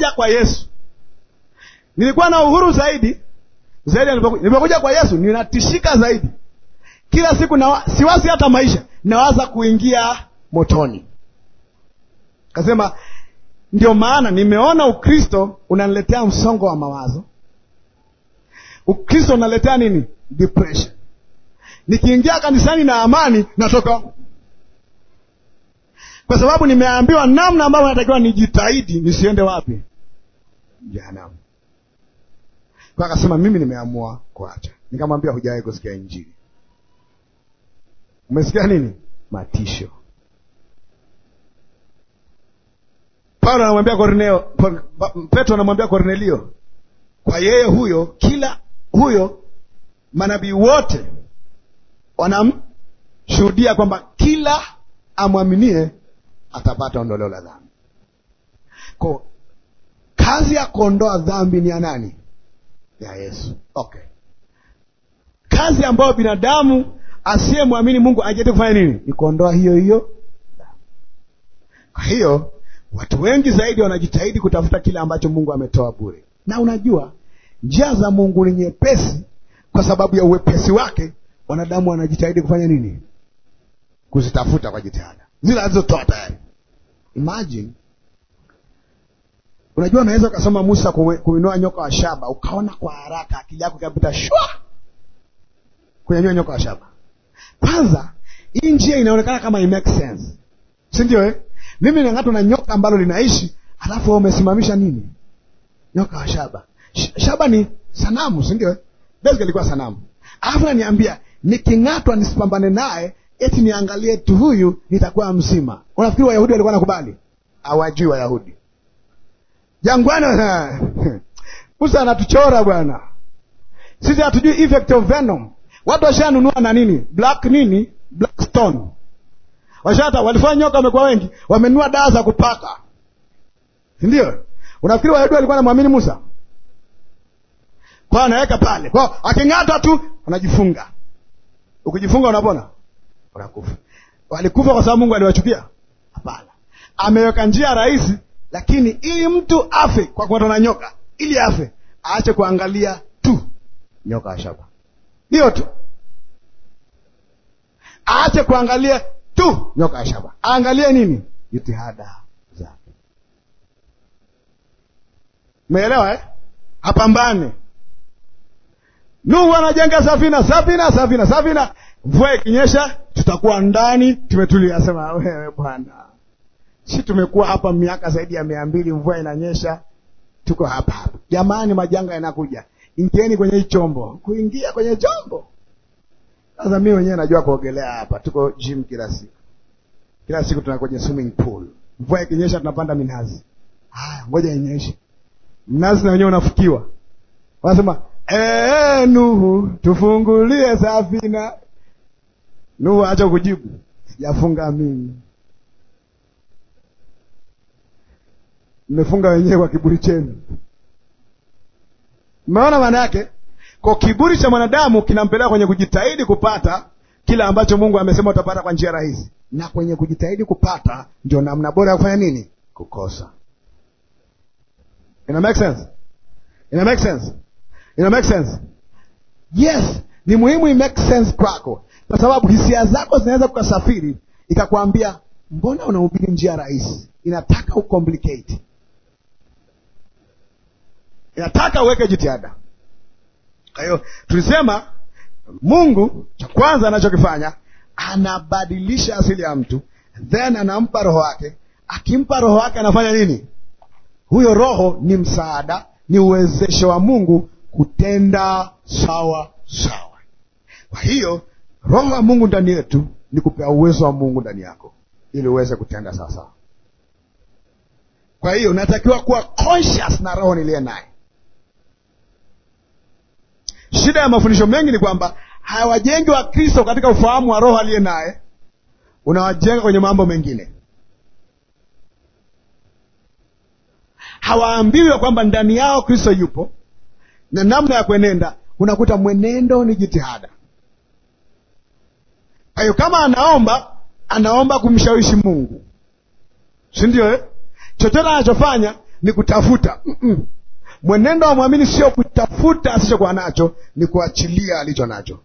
nilipokuja kwa Yesu nilikuwa na uhuru zaidi zaidi. Nilipokuja kwa Yesu ninatishika zaidi kila siku na siwasi hata maisha, nawaza kuingia motoni. Kasema ndio maana nimeona Ukristo unaniletea msongo wa mawazo. Ukristo unaletea nini? Depression. Nikiingia kanisani na amani, natoka kwa sababu nimeambiwa namna ambavyo natakiwa nijitahidi nisiende wapi jehanamu. Kwa akasema mimi nimeamua kuacha. Nikamwambia hujawahi kusikia Injili. Umesikia nini? Matisho. Paulo anamwambia Korneo, Petro anamwambia Kornelio, kwa yeye huyo, kila huyo manabii wote wanamshuhudia kwamba kila amwaminie atapata ondoleo la dhambi kazi ya kuondoa dhambi ni ya nani? Ya Yesu. Okay, kazi ambayo binadamu asiyemwamini Mungu ajete kufanya nini? Ni kuondoa hiyo hiyo. Kwa hiyo watu wengi zaidi wanajitahidi kutafuta kile ambacho Mungu ametoa bure, na unajua njia za Mungu ni nyepesi. Kwa sababu ya uwepesi wake, wanadamu wanajitahidi kufanya nini? Kuzitafuta kwa jitihada zile alizotoa tayari. Imagine Unajua, unaweza ukasoma Musa kuinua nyoka wa shaba, ukaona kwa haraka akili yako ikapita shwa kunyanyua nyoka wa shaba. Kwanza hii njia inaonekana kama make sense, si ndio eh? Mimi nang'atwa na nyoka ambalo linaishi, alafu wewe umesimamisha nini? Nyoka wa shaba. Sh shaba ni sanamu, si ndio eh? Basically ilikuwa sanamu, alafu naniambia niking'atwa nisipambane naye, eti niangalie tu huyu, nitakuwa mzima. Unafikiri Wayahudi walikuwa nakubali? Hawajui Wayahudi jangwani. Musa anatuchora bwana, sisi hatujui effect of venom. Watu washanunua na nini black nini black stone, washata walifanya nyoka wamekuwa wengi, wamenunua dawa za kupaka, si ndio? Unafikiri Wayahudi walikuwa namwamini Musa? Kwa anaweka pale kwa aking'ata tu anajifunga. Ukijifunga unapona, unakufa. Walikufa kwa sababu Mungu aliwachukia? Hapana, ameweka njia rahisi lakini ili mtu afe kwa na nyoka, ili afe aache kuangalia tu nyoka ashaba, hiyo tu, aache kuangalia tu nyoka ashaba, aangalie nini? Jitihada zake. Umeelewa eh? Apambane. Nuhu anajenga safina, safina, safina, safina. Mvua ikinyesha, tutakuwa ndani tumetulia. Asema wewe Bwana Si tumekuwa hapa miaka zaidi ya mia mbili, mvua inanyesha, tuko hapa hapa. Jamani, majanga yanakuja, ingieni kwenye hii chombo. Kuingia kwenye chombo, sasa mi wenyewe najua kuogelea hapa, tuko gym kila siku, kila siku tuna kwenye swimming pool. Mvua ikinyesha, tunapanda minazi. Haya, ngoja inyeshe, mnazi na wenyewe unafukiwa, wanasema ee, Nuhu tufungulie safina. Nuhu acha kujibu, sijafunga mimi mmefunga wenyewe kwa kiburi chenu. Mmeona maana yake? Kwa kiburi cha mwanadamu kinampeleka kwenye kujitahidi kupata kila ambacho Mungu amesema utapata kwa njia rahisi, na kwenye kujitahidi kupata ndio namna bora ya kufanya nini? Kukosa. Ina make sense? Ina make sense? Ina make sense? Yes, ni muhimu i make sense kwako, kwa sababu hisia zako zinaweza kukasafiri, ikakwambia mbona unahubiri njia rahisi, inataka ucomplicate inataka uweke jitihada. Kwa hiyo tulisema Mungu cha kwanza anachokifanya anabadilisha asili ya mtu, then anampa roho wake. Akimpa roho wake anafanya nini? Huyo roho ni msaada, ni uwezesho wa Mungu kutenda sawa sawa. Kwa hiyo roho wa Mungu ndani yetu ni kupea uwezo wa Mungu ndani yako ili uweze kutenda sawa sawa. Kwa hiyo unatakiwa kuwa conscious na roho niliye naye Shida ya mafundisho mengi ni kwamba hawajengi wa Kristo katika ufahamu wa Roho aliye naye, unawajenga kwenye mambo mengine. Hawaambiwi kwamba ndani yao Kristo yupo na namna ya kuenenda, unakuta mwenendo ni jitihada. Kwa hiyo kama anaomba, anaomba kumshawishi Mungu, si ndio eh? Chochote anachofanya ni kutafuta mm -mm. Mwenendo wa mwamini sio kutafuta asichokuwa nacho, ni kuachilia alicho nacho.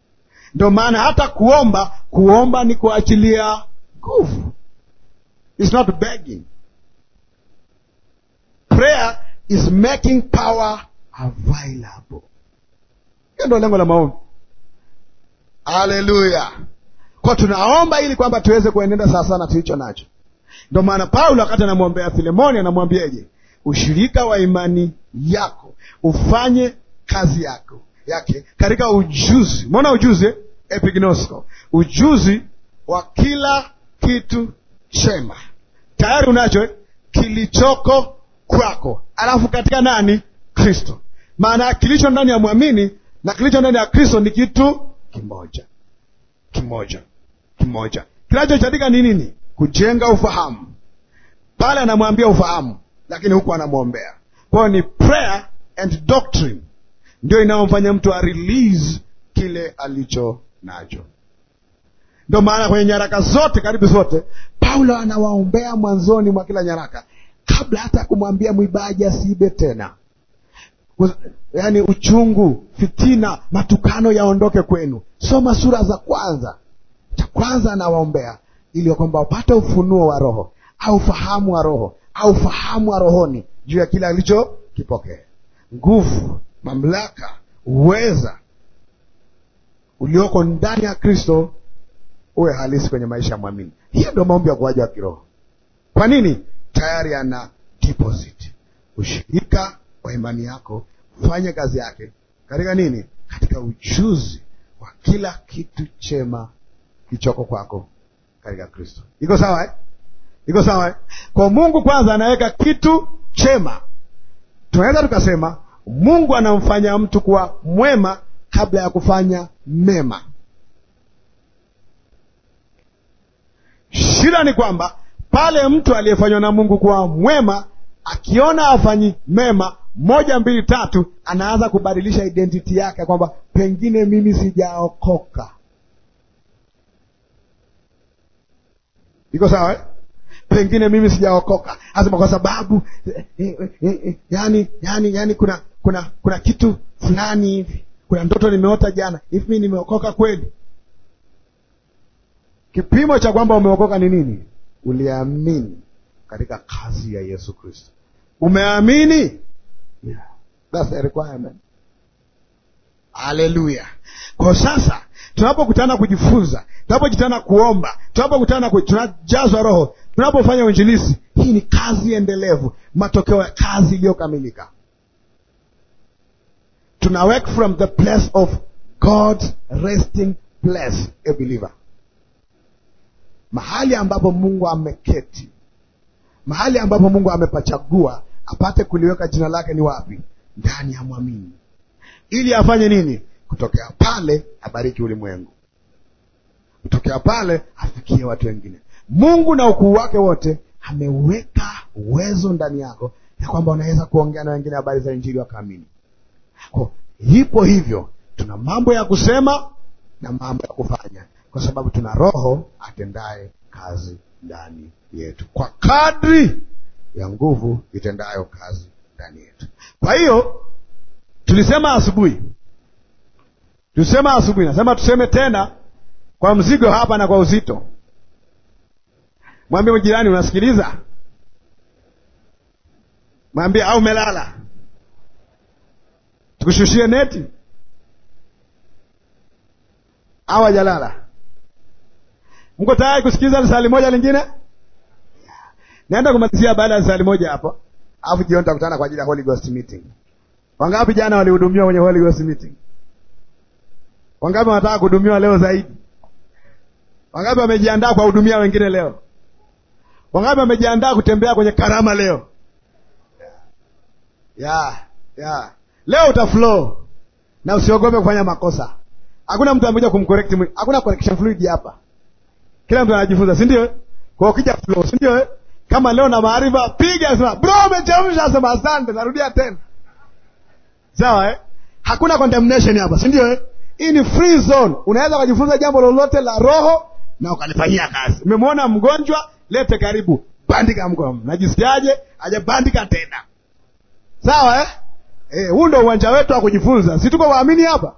Ndio maana hata kuomba, kuomba ni kuachilia nguvu, is not begging. Prayer is making power available. Hiyo ndio lengo la maombi. Haleluya! Kwa tunaomba ili kwamba tuweze kuenenda sawasawa na tulicho nacho. Ndio maana Paulo wakati anamwombea Filemoni anamwambiaje? ushirika wa imani yako ufanye kazi yako yake katika ujuzi. mbona ujuzi, epignosko, ujuzi wa kila kitu chema, tayari unacho eh? kilichoko kwako, alafu katika nani? Kristo. Maana kilicho ndani ya mwamini na kilicho ndani ya Kristo ni kitu kimoja kimoja kimoja. Kinachohitajika ni nini? Kujenga ufahamu. Pale anamwambia ufahamu lakini huku anamwombea. Kwa hiyo ni prayer and doctrine ndio inayomfanya mtu a release kile alicho nacho. Ndio maana kwenye nyaraka zote, karibu zote, Paulo anawaombea mwanzoni mwa kila nyaraka, kabla hata ya kumwambia mwibaji asibe tena, yaani uchungu, fitina, matukano yaondoke kwenu. Soma sura za kwanza, cha kwanza anawaombea ili kwamba wapate ufunuo wa Roho au fahamu wa roho au fahamu wa rohoni juu ya kile alicho kipokea, Nguvu, mamlaka, uweza ulioko ndani ya Kristo uwe halisi kwenye maisha ya mwamini. Hiyo ndio maombi ya kuwaja wa kiroho. Kwa nini? Tayari ana deposit ushirika wa imani yako ufanye kazi yake katika nini? Katika ujuzi wa kila kitu chema kichoko kwako katika Kristo. Iko sawa eh? iko sawa? Eh? Kwa Mungu kwanza anaweka kitu chema. Tunaweza tukasema Mungu anamfanya mtu kuwa mwema kabla ya kufanya mema. Shida ni kwamba pale mtu aliyefanywa na Mungu kuwa mwema akiona afanyi mema moja mbili tatu, anaanza kubadilisha identity yake kwamba pengine mimi sijaokoka. Iko sawa eh? pengine mimi sijaokoka, asema kwa sababu eh, eh, eh, eh, yani, yani, yani kuna kuna kuna kitu fulani hivi, kuna ndoto nimeota jana hivi, mimi nimeokoka kweli? Kipimo cha kwamba umeokoka ni nini? Uliamini katika kazi ya Yesu Kristo, umeamini yeah. That's the requirement. Haleluya! Kwa sasa tunapokutana kujifunza, tunapokutana kuomba, tunapokutana tunajazwa Roho, tunapofanya uinjilisi, hii ni kazi endelevu, matokeo ya kazi iliyokamilika. Tuna work from the place of God's resting place, a believer, mahali ambapo Mungu ameketi, mahali ambapo Mungu amepachagua apate kuliweka jina lake. Ni wapi? Ndani ya mwamini, ili afanye nini? Kutokea pale abariki ulimwengu, kutokea pale afikie watu wengine. Mungu na ukuu wake wote ameweka uwezo ndani yako ya kwamba unaweza kuongea na wengine habari za Injili wakaamini. Kwa hipo hivyo, tuna mambo ya kusema na mambo ya kufanya, kwa sababu tuna Roho atendaye kazi ndani yetu kwa kadri ya nguvu itendayo kazi ndani yetu. Kwa hiyo tulisema asubuhi Tusema asubuhi, nasema tuseme tena kwa mzigo hapa na kwa uzito. Mwambie jirani, unasikiliza? Mwambie au melala, tukushushie neti au hajalala. Mko tayari kusikiliza lisali moja lingine? Naenda kumalizia baada ya lisali moja hapo, alafu jioni tutakutana kwa ajili ya Holy Ghost meeting. Wangapi jana walihudumiwa kwenye Holy Ghost meeting? Wangapi wanataka kuhudumiwa leo zaidi? Wangapi wamejiandaa kuwahudumia wengine leo? Wangapi wamejiandaa kutembea kwenye karama leo? yeah, yeah. Leo uta flow na usiogope kufanya makosa. Hakuna mtu amekuja kumcorrect mwingine, hakuna correction fluid hapa. Kila mtu anajifunza, si ndio? Eh? Kwa ukija flow, si ndio? Eh? Kama leo na maarifa, piga sema, bro, umechemsha. sema asante, narudia tena, sawa eh? Hakuna condemnation hapa, si ndio eh? Hii ni free zone, unaweza ukajifunza jambo lolote la roho na ukalifanyia kazi. Umemwona mgonjwa, lete karibu, bandika mkono, najisikiaje? aje bandika tena, sawa eh? Eh, huu ndo uwanja wetu wa kujifunza, si tuko waamini hapa,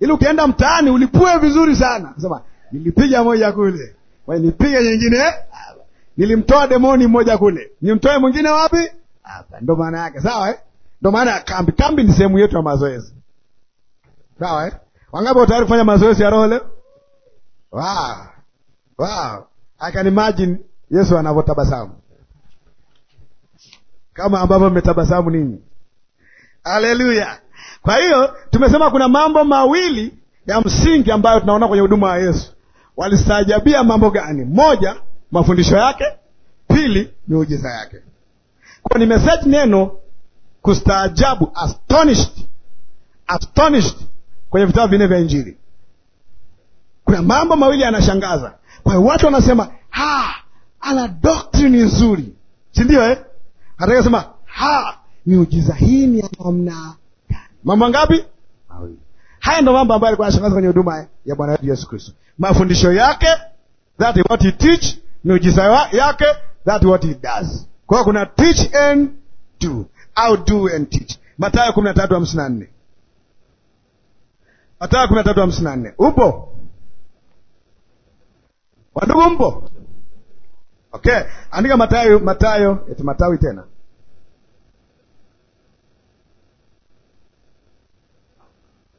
ili ukienda mtaani ulipue vizuri sana. Sema nilipiga moja kule, nilipiga nyingine hapa, nilimtoa demoni moja kule, nimtoe mwingine wapi? Hapa ndo maana yake, sawa eh? Ndo maana ya kambi. Kambi ni sehemu yetu ya mazoezi, sawa eh? Wangapi tayari kufanya mazoezi ya roho leo? Wow. Wow. I can imagine Yesu anavyotabasamu kama ambavyo mmetabasamu ninyi. Haleluya! Kwa hiyo tumesema kuna mambo mawili ya msingi ambayo tunaona kwenye huduma ya Yesu. Walistaajabia mambo gani? Moja, mafundisho yake; pili, miujiza yake. Kwa nimesearch neno kustaajabu, astonished, astonished kwenye vitabu vinne vya Injili. Kuna mambo mawili yanashangaza. Kwa hiyo watu wanasema ha, ana doktrini nzuri, si ndio eh? Anataka sema ha, miujiza hii ni namna gani? Mambo ngapi? Mawili. Haya ndo mambo ambayo alikuwa anashangaza kwenye huduma eh, ya Bwana wetu Yesu Kristo, mafundisho yake, that what he teach, miujiza yake, that what he does. Kwa hiyo kuna teach and do au do and teach. Mathayo kumi na tatu hamsini na nne. Mathayo kumi na tatu hamsini na nne. Upo wandugu, mpo? Okay, andika Mathayo, Mathayo eti Matawi tena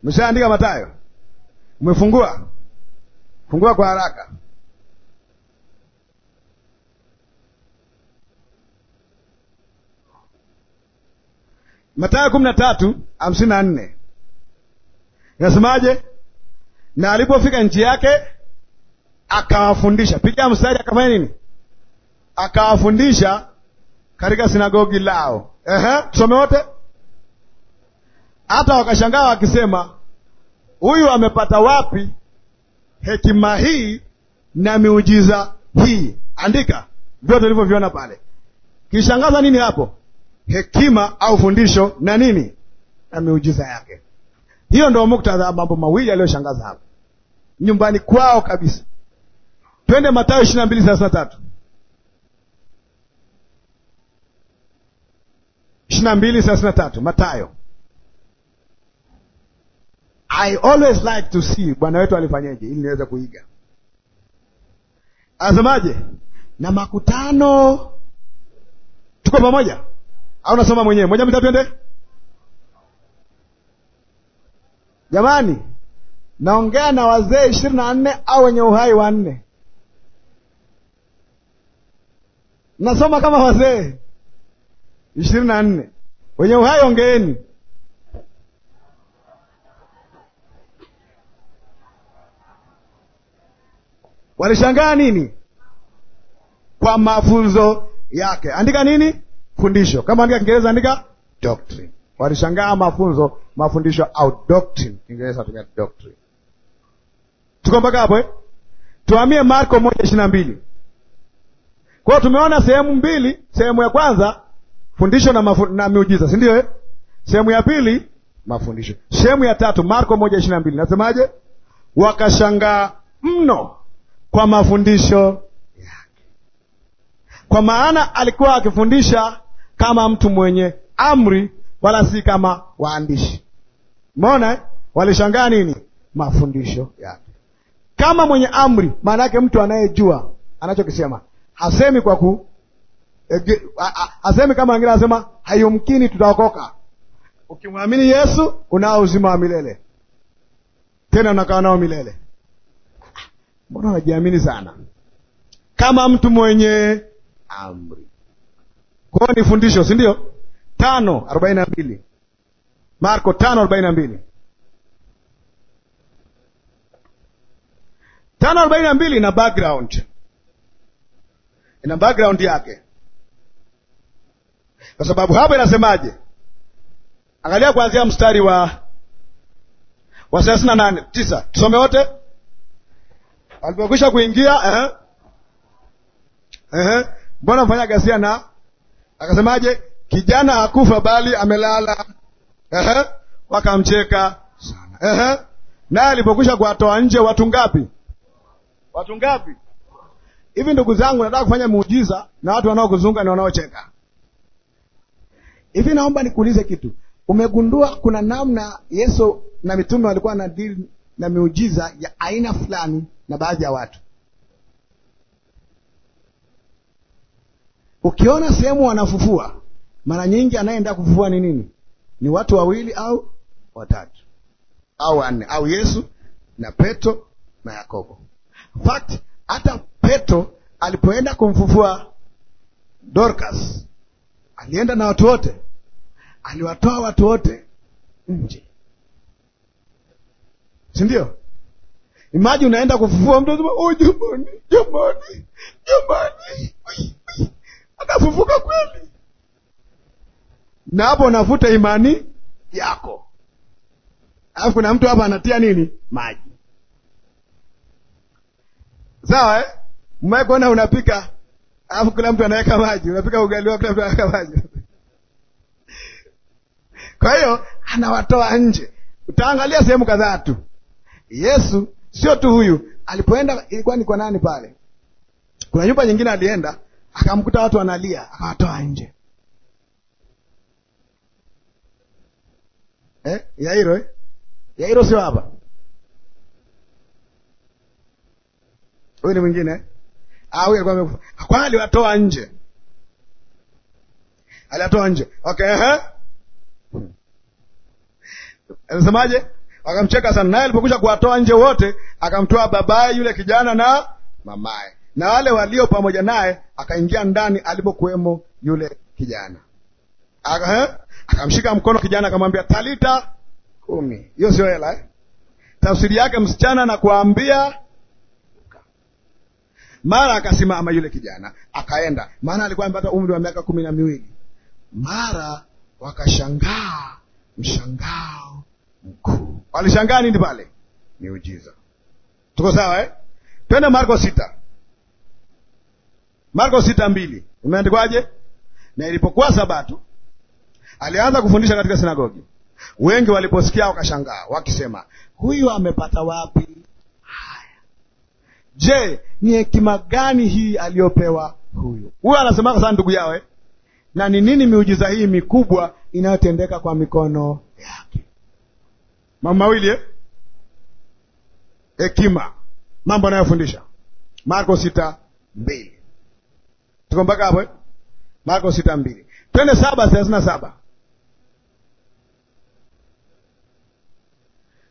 Mshaandika Matayo? Umefungua? Fungua kwa haraka. Matayo kumi na tatu hamsini na nne. Inasemaje? Na alipofika nchi yake akawafundisha, piga mstari, akafanya nini? Akawafundisha katika sinagogi lao. Ehe, tusome wote. Hata wakashangaa wakisema, huyu amepata wapi hekima hii na miujiza hii? Andika vyote ulivyoviona pale. Kishangaza nini hapo? Hekima au fundisho na nini na miujiza yake. Hiyo ndio muktadha wa mambo mawili aliyoshangaza hapa, nyumbani kwao kabisa. Twende Mathayo 22:33. mbili tatu ishirini na mbili thelathini na tatu Mathayo. I always like to see Bwana wetu alifanyeje ili niweze kuiga. Anasemaje? na makutano, tuko pamoja au nasoma mwenyewe? Moja mitatu, twende Jamani, naongea na wazee ishirini na nne au wenye uhai wanne, nasoma kama wazee ishirini na nne wenye uhai ongeeni. Walishangaa nini kwa mafunzo yake? Andika nini? Fundisho. Kama andika Kiingereza andika doctrine walishangaa mafunzo, mafundisho au doctrine. Kiingereza tumia doctrine. Tuko mpaka hapo eh? Tuhamie Marko moja ishirini na mbili. Kwa hiyo tumeona sehemu mbili, sehemu ya kwanza fundisho na, mafu, na miujiza, si ndio eh? Sehemu ya pili mafundisho. Sehemu ya tatu Marko moja ishirini na mbili nasemaje? Wakashangaa mno kwa mafundisho yake, kwa maana alikuwa akifundisha kama mtu mwenye amri wala si kama waandishi. Umeona, eh? walishangaa nini? Mafundisho yake. Kama mwenye amri, maana yake mtu anayejua anachokisema, hasemi kwa ku eh, hasemi kama wengine anasema hayumkini, tutaokoka. Ukimwamini Yesu unao uzima wa milele, tena unakaa nao milele. Mbona unajiamini sana? Kama mtu mwenye amri. Kwa hiyo ni fundisho, si ndio? tano arobaini na mbili Marko tano arobaini na mbili tano arobaini na mbili ina background, ina background yake, kwa sababu hapo inasemaje? Angalia kuanzia mstari wa wa thelathini na nane tisa, tusome wote. Walipokwisha kuingia mbona, uh -huh. uh -huh. mfanya gasia na akasemaje? Kijana hakufa bali amelala. Ehe, wakamcheka sana. Ehe, naye alipokwisha kuwatoa nje, watu ngapi? Watu ngapi? Hivi ndugu zangu, nataka kufanya muujiza na watu wanaokuzunguka na wanaocheka hivi. Naomba nikuulize kitu. Umegundua kuna namna Yesu na mitume walikuwa na dili na miujiza ya aina fulani na baadhi ya watu. Ukiona sehemu wanafufua mara nyingi anayeenda kufufua ni nini? Ni watu wawili au watatu au wanne, au Yesu na Petro na Yakobo. In fact hata Petro alipoenda kumfufua Dorcas alienda na watu wote, aliwatoa watu wote nje, si ndio? Imagine unaenda kufufua mtu anasema, oh, jamani, jamani, jamani, akafufuka kweli na hapo unavuta imani yako. Alafu kuna mtu hapa anatia nini maji, sawa eh? Mmewahi kuona unapika, alafu kila mtu anaweka maji, unapika ugali wako, kila mtu anaweka maji kwa hiyo anawatoa nje. Utaangalia sehemu kadhaa tu. Yesu sio tu huyu, alipoenda ilikuwa ni kwa nani pale? Kuna nyumba nyingine alienda, akamkuta watu wanalia, akawatoa nje. eh? Yairo eh? Yairo sio hapa, huyu ni mwingine eh? au ah, alikuwa amekufa? Kwani aliwatoa nje, aliwatoa nje. Okay, eh anasemaje? Wakamcheka sana, naye alipokwisha kuwatoa nje wote, akamtoa babaye yule kijana na mamaye na wale walio pamoja naye, akaingia ndani alipokuwemo yule kijana Aka, eh? akamshika mkono kijana akamwambia talita kumi. Hiyo sio hela eh? Tafsiri yake msichana na kuambia mara akasimama yule kijana akaenda, maana alikuwa amepata umri wa miaka kumi na miwili. Mara wakashangaa mshangao mkuu. Walishangaa nini pale? Miujiza. Tuko sawa eh? Twende Marko sita, Marko sita mbili. Imeandikwaje? Na ilipokuwa Sabato, Alianza kufundisha katika sinagogi, wengi waliposikia wakashangaa, wakisema huyu amepata wapi haya? Je, ni hekima gani hii aliyopewa huyu? Huyu anasemaka sana ndugu yawe, na ni nini miujiza hii mikubwa inayotendeka kwa mikono yake? Mambo mawili eh? Hekima, mambo anayofundisha Marko sita mbili. Tuko mpaka hapo eh? Marko sita mbili, twende saba thelathini na saba.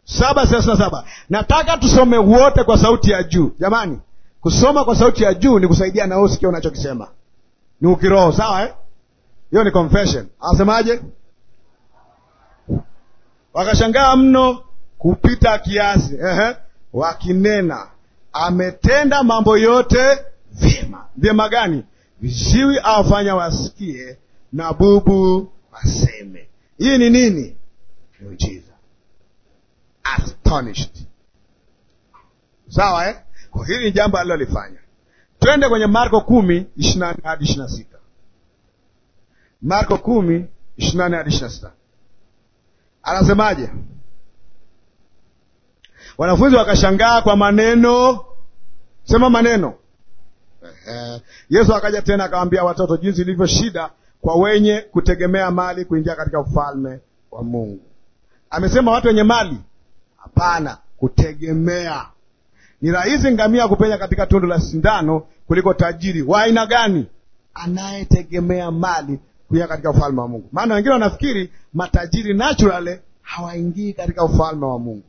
saba thelathini na saba. Nataka tusome wote kwa sauti ya juu. Jamani, kusoma kwa sauti ya juu ni kusaidia na wewe usikie unachokisema ni ukiroho, sawa eh? Hiyo ni confession. Asemaje? Wakashangaa mno kupita kiasi, ehe, wakinena ametenda mambo yote vyema. Vyema gani? Viziwi awafanya wasikie na bubu waseme. Hii ni nini? Ni ujizi astonished. Sawa eh? Kwa hili ni jambo alilolifanya. Twende kwenye Marko kumi hadi 26. Marko kumi hadi 26. anasemaje? Wanafunzi wakashangaa kwa maneno, sema maneno. Yesu akaja tena akawaambia watoto, jinsi ilivyo shida kwa wenye kutegemea mali kuingia katika ufalme wa Mungu. Amesema watu wenye mali Hapana, kutegemea. Ni rahisi ngamia kupenya katika tundu la sindano kuliko tajiri wa aina gani anayetegemea mali kuingia katika ufalme wa Mungu. Maana wengine wanafikiri matajiri naturally hawaingii katika ufalme wa Mungu.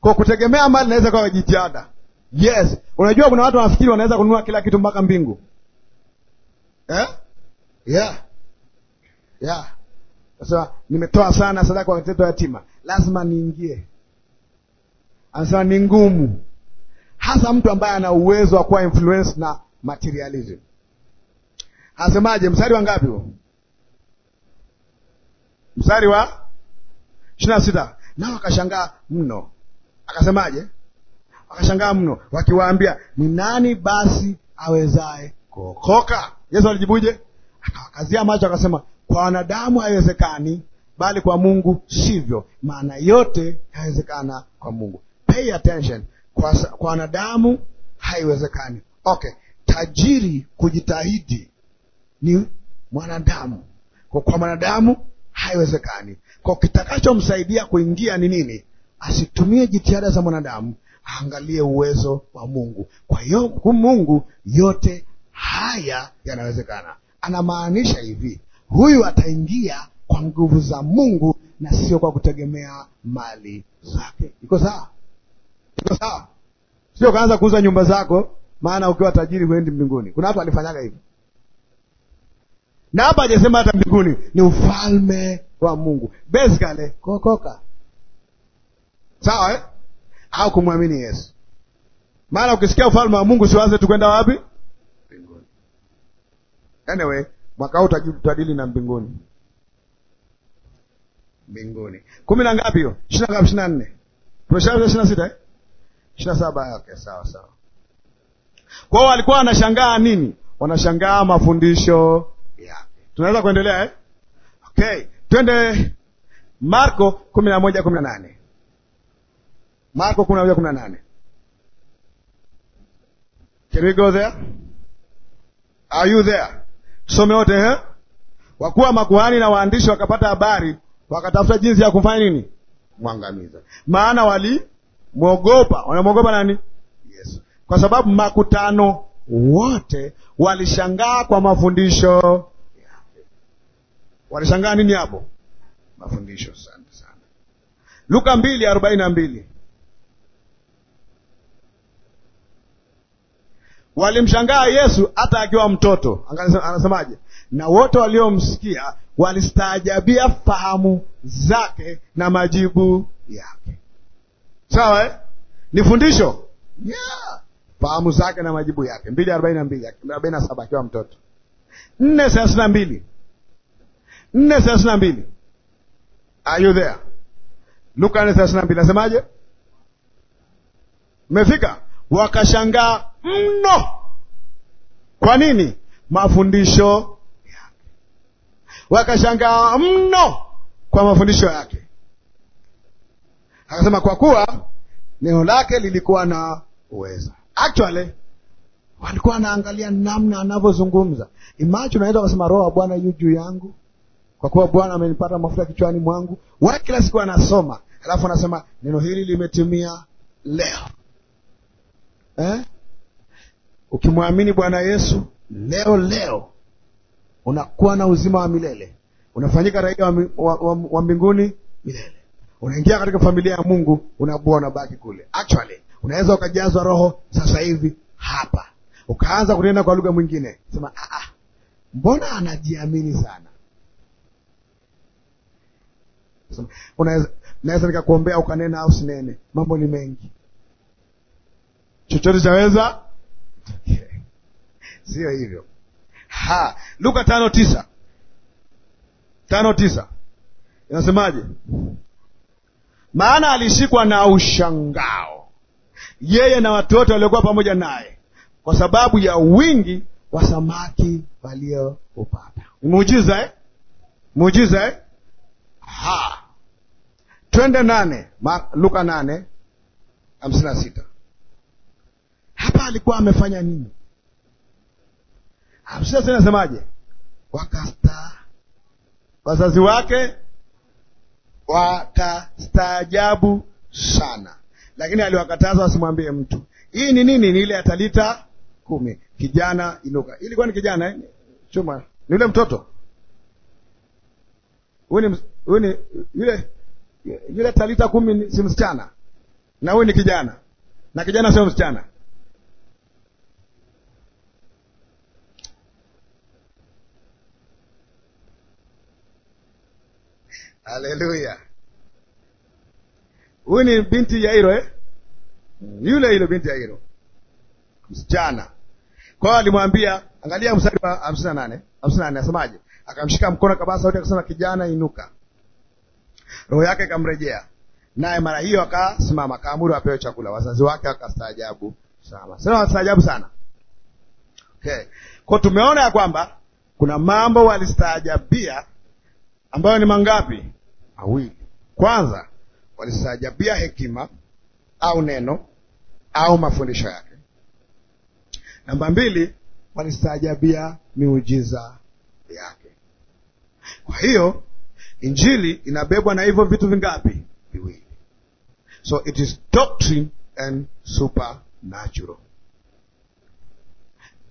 Kwa kutegemea mali naweza kuwa jitihada. Yes, unajua kuna watu wanafikiri wanaweza kununua kila kitu mpaka mbingu eh? yeah. Yeah. Sasa nimetoa sana sadaka kwa watoto yatima, lazima niingie. Anasema ni ngumu, hasa mtu ambaye ana uwezo wa kuwa influence na materialism. Anasemaje? mstari wa ngapi huo? Mstari wa ishirini na sita. Nao akashangaa mno, akasemaje? Akashangaa mno, wakiwaambia ni nani basi awezaye kuokoka? Yesu alijibuje? Akawakazia macho akasema kwa wanadamu haiwezekani, bali kwa Mungu sivyo. Maana yote yawezekana kwa Mungu. Pay attention, kwa kwa wanadamu haiwezekani. Okay, tajiri kujitahidi ni mwanadamu, kwa kwa mwanadamu haiwezekani. Kwa kitakachomsaidia kuingia ni nini? Asitumie jitihada za mwanadamu, aangalie uwezo wa Mungu. Kwa hiyo Mungu yote haya yanawezekana. Anamaanisha hivi, Huyu ataingia kwa nguvu za Mungu na sio kwa kutegemea mali zake. Iko sawa? Iko sawa? Sio kaanza kuuza nyumba zako, maana ukiwa tajiri huendi mbinguni. Kuna watu walifanyaga hivo na hapa hajasema hata mbinguni, ni ufalme wa Mungu. Basically kokoka sawa eh? au kumwamini Yesu. Maana ukisikia ufalme wa Mungu siwaze tukwenda wapi? Anyway, mwaka huu tutadili na mbinguni. Mbinguni kumi na ngapi hiyo? ishirini na ngapi? ishirini na nne tumeshaanza ishirini na sita eh? ishirini na saba okay, sawa sawa. Kwa hiyo walikuwa wanashangaa nini? Wanashangaa mafundisho yeah. Tunaweza kuendelea eh? Okay, twende Marko kumi na moja kumi na nane Marko kumi na moja kumi na nane Can we go there? Are you there? tusome wote eh? Wakuwa makuhani na waandishi wakapata habari, wakatafuta jinsi ya kumfanya nini, mwangamiza. Maana walimwogopa. Wanamwogopa nani? Yesu, kwa sababu makutano wote walishangaa kwa mafundisho Walishangaa nini hapo? Mafundisho. Asante sana. Luka mbili arobaini na mbili. Walimshangaa Yesu hata akiwa mtoto. Anasemaje? Na wote waliomsikia walistaajabia fahamu zake na majibu yake. Sawa eh? Ni fundisho yeah. Fahamu zake na majibu yake. mbili arobaini na mbili arobaini na saba akiwa mtoto. nne thelathini na mbili nne thelathini na mbili Are you there? Luka nne thelathini na mbili nasemaje? Mmefika? Wakashangaa mno. Kwa nini? Mafundisho yake, wakashangaa mno kwa mafundisho yake. Akasema kwa kuwa neno lake lilikuwa na uweza. Actually walikuwa anaangalia namna anavyozungumza. Imagine, unaweza ukasema roho wa Bwana yu juu yangu kwa kuwa Bwana amenipata mafuta kichwani mwangu. wa kila siku anasoma, alafu anasema neno hili limetimia leo eh? Ukimwamini Bwana Yesu leo leo unakuwa na uzima wa milele, unafanyika raia wa, wa, wa, wa mbinguni milele, unaingia katika familia ya Mungu, unakuwa unabaki kule. Actually unaweza ukajazwa Roho sasa hivi hapa, ukaanza kunena kwa lugha mwingine, sema ah, ah mbona anajiamini sana. Unaweza naweza nikakuombea ukanena au sinene, mambo ni mengi, chochote chaweza Sio hivyo ha. Luka tano tisa tano tisa inasemaje? Maana alishikwa na ushangao yeye na watu wote waliokuwa pamoja naye, kwa sababu ya wingi wa samaki walioupata. Ni muujiza eh? Muujiza eh? ha twende nane Luka nane hamsini na sita hapa alikuwa amefanya nini? Ah, sasa inasemaje? Wakasta wazazi wake wakastaajabu sana, lakini aliwakataza wasimwambie mtu. Hii ni nini? Ni ile ya Talita kumi, kijana inuka. Ilikuwa ni kijana eh? Chuma ni yule mtoto huyu, ni yule yule Talita kumi, si msichana, na huyu ni kijana, na kijana sio msichana. Haleluya! Huyu ni binti Yairo eh? Mm. Yule yule binti Yairo msichana. Kwa hiyo alimwambia, angalia mstari wa hamsini na nane hamsini na nane asemaje? Akamshika mkono kabasa sauti akasema, kijana inuka. Roho yake ikamrejea naye mara hiyo akasimama, akaamuru apewe chakula. Wazazi wake wakastaajabu sana, sema wastaajabu sana. Okay, kwa tumeona ya kwamba kuna mambo walistaajabia ambayo ni mangapi? mawili. Kwanza, walistaajabia hekima au neno au mafundisho yake. Namba mbili, walistaajabia miujiza yake. Kwa hiyo injili inabebwa na hivyo vitu vingapi? Viwili. So it is doctrine and supernatural.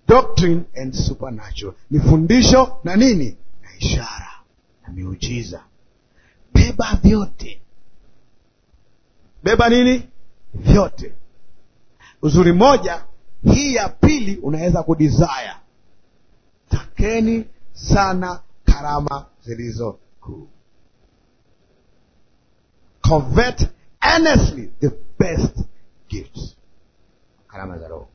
Doctrine and supernatural ni fundisho na nini, na ishara na miujiza beba vyote. Beba nini? Vyote. Uzuri moja hii ya pili, unaweza kudesire, takeni sana karama zilizo kuu. Convert earnestly the best gifts, karama za Roho.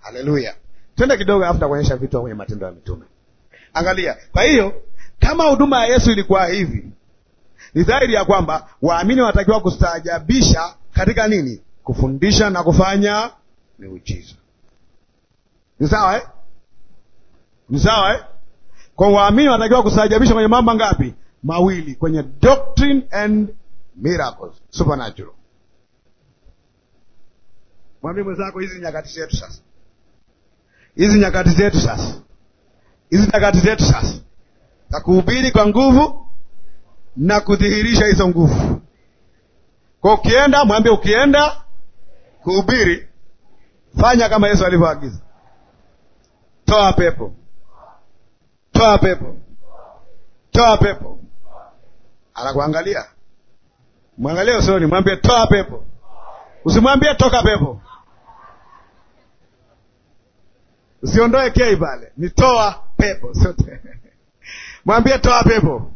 Haleluya! Twende kidogo, alafu takuonyesha vitu kwenye Matendo ya Mitume. Angalia. Kwa hiyo kama huduma ya Yesu ilikuwa hivi, ni dhahiri ya kwamba waamini wanatakiwa kustaajabisha katika nini? Kufundisha na kufanya miujiza. Ni sawa eh? Ni sawa eh? Kwa waamini wanatakiwa kustaajabisha kwenye mambo ngapi? Mawili, kwenye doctrine and miracles, supernatural. Mwambie mwenzako, hizi nyakati zetu sasa, hizi nyakati zetu sasa, hizi nyakati zetu sasa, za kuhubiri kwa nguvu na kudhihirisha hizo nguvu. Kwa ukienda mwambie, ukienda kuhubiri, fanya kama Yesu alivyoagiza, toa pepo, toa pepo, toa pepo. Anakuangalia, mwangalie usoni, mwambie toa pepo, usimwambie toka pepo. Usiondoe kei pale, ni toa pepo sote. Mwambie toa pepo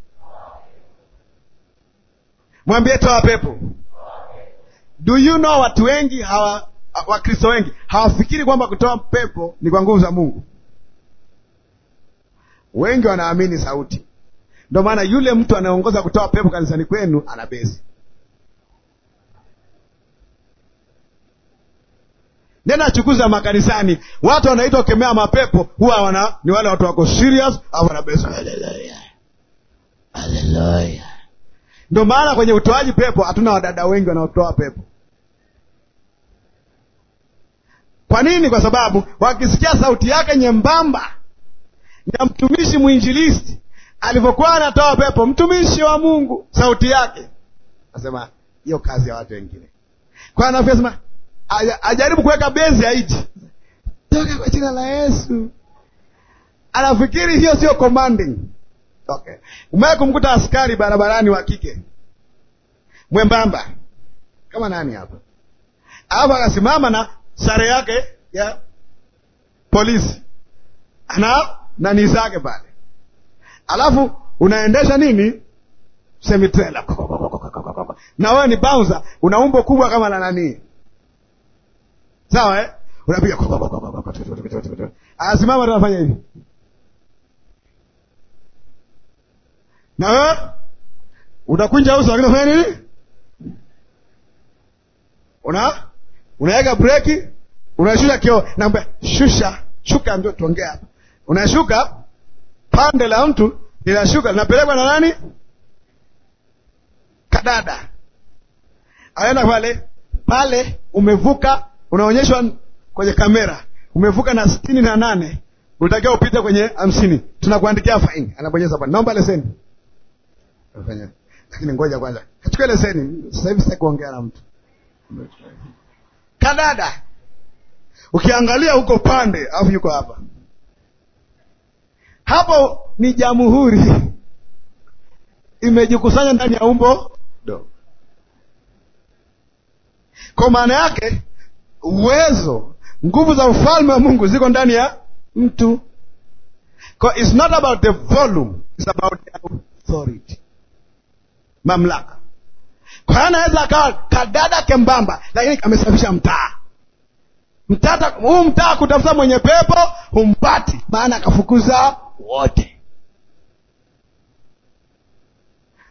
mwambie toa pepo. Do you know watu wengi hawa Wakristo wengi hawafikiri kwamba kutoa pepo ni kwa nguvu za Mungu. Wengi wanaamini sauti, ndio maana yule mtu anayeongoza kutoa pepo kanisani kwenu ana besi. Nenda chukuza makanisani, watu wanaitwa kemea mapepo huwa wana, ni wale watu wako serious au wana besi. Haleluya, haleluya ndio maana kwenye utoaji pepo hatuna wadada wengi wanaotoa pepo. Kwa nini? Kwa sababu wakisikia sauti yake nyembamba na mtumishi mwinjilisti alivyokuwa anatoa pepo, mtumishi wa Mungu, sauti yake anasema hiyo kazi ya watu wengine. Kwa anasema ajaribu kuweka bezi aiji toka kwa jina la Yesu, anafikiri hiyo sio commanding Okay. Umewahi kumkuta askari barabarani wa kike mwembamba kama nani hapa, alafu akasimama na sare yake ya polisi ana nani zake pale, alafu unaendesha nini semitrela na wewe ni bouncer, una umbo kubwa kama la nani, sawa eh? Unapiga, anasimama tu anafanya hivi na wewe utakunja uso lakini ufanya nini? Una unaweka breki, unashusha kioo, naambia shusha, shuka, ndio tuongee hapa. Unashuka pande la mtu linashuka, linapelekwa na nani? Kadada anaenda pale pale, umevuka, unaonyeshwa kwenye kamera, umevuka na sitini na nane, unatakiwa upite kwenye hamsini, tunakuandikia faini. Anabonyeza hapa, naomba leseni Nafanya. Lakini ngoja kwanza. Kachukua leseni. Sasa hivi sitaki kuongea na mtu. Kadada. Ukiangalia huko pande, alafu yuko hapa. Hapo ni jamhuri. Imejikusanya ndani ya umbo dogo. Kwa maana yake uwezo, nguvu za ufalme wa Mungu ziko ndani ya mtu. Kwa it's not about the volume, it's about the authority mamlaka. Kwa hiyo anaweza akawa kadada kembamba, lakini amesafisha mtaa mtaa huu mtaa kutafuta mwenye pepo humpati, maana akafukuza wote.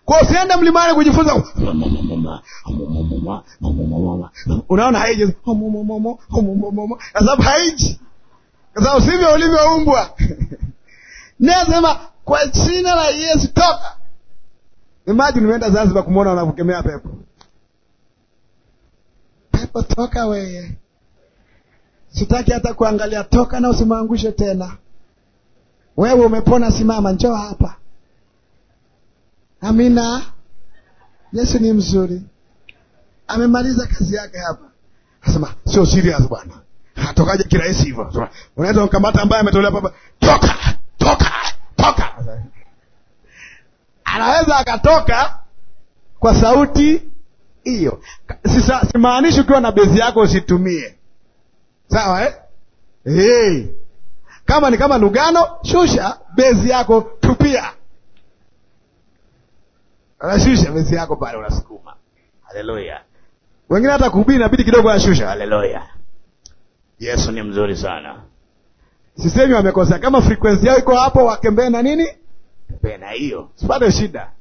Kwa usiende mlimani kujifunza. Unaona haiji, kwa sababu haiji, kwa sababu sivyo ulivyoumbwa. Nasema kwa jina la Yesu, toka Imagine umeenda Zanzibar kumwona anakukemea pepo. Pepo toka wewe, sitaki hata kuangalia, toka na usimwangushe tena. Wewe umepona, simama, njoo hapa. Amina. Yesu ni mzuri, amemaliza kazi yake hapa. Anasema sio serious bwana, hatokaje kirahisi hivyo. Unaweza ukamata ambaye ametolea baba, toka toka toka anaweza akatoka kwa sauti hiyo. simaanishi ukiwa na bezi yako usitumie, sawa eh? Hey. Kama ni kama Lugano, shusha bezi yako, tupia, anashusha bezi yako pale, unasukuma. Haleluya! Wengine hata kuhubiri inabidi kidogo ashusha Haleluya! Yesu ni mzuri sana. Sisemi wamekosea kama frekwensi yao iko hapo, wakembee na nini pena hiyo, sipate shida,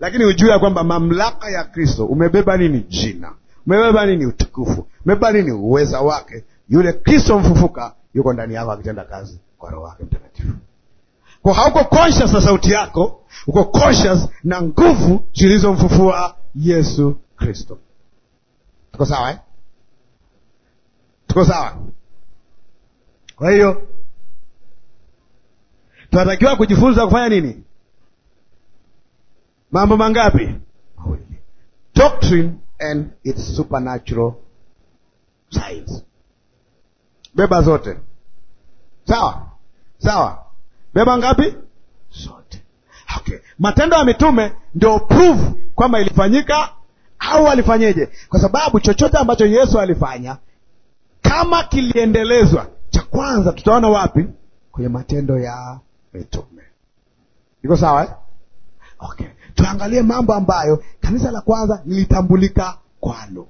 lakini ujue ya kwamba mamlaka ya Kristo, umebeba nini? Jina umebeba nini? Utukufu umebeba nini? Uweza wake. Yule Kristo mfufuka yuko ndani yako akitenda kazi kwa Roho wake Mtakatifu. Kwa hauko conscious na sauti yako, uko conscious na nguvu zilizomfufua Yesu Kristo. Tuko sawa eh? Tuko sawa. Kwa hiyo tunatakiwa kujifunza kufanya nini? Mambo mangapi? Doctrine and its supernatural science. Beba zote, sawa sawa. Beba ngapi? Zote. Okay. Matendo ya Mitume ndio proof kwamba ilifanyika au alifanyeje, kwa sababu chochote ambacho Yesu alifanya kama kiliendelezwa, cha kwanza tutaona wapi? Kwenye matendo ya mitume. Iko sawa eh? Okay, tuangalie mambo ambayo kanisa la kwanza lilitambulika kwalo.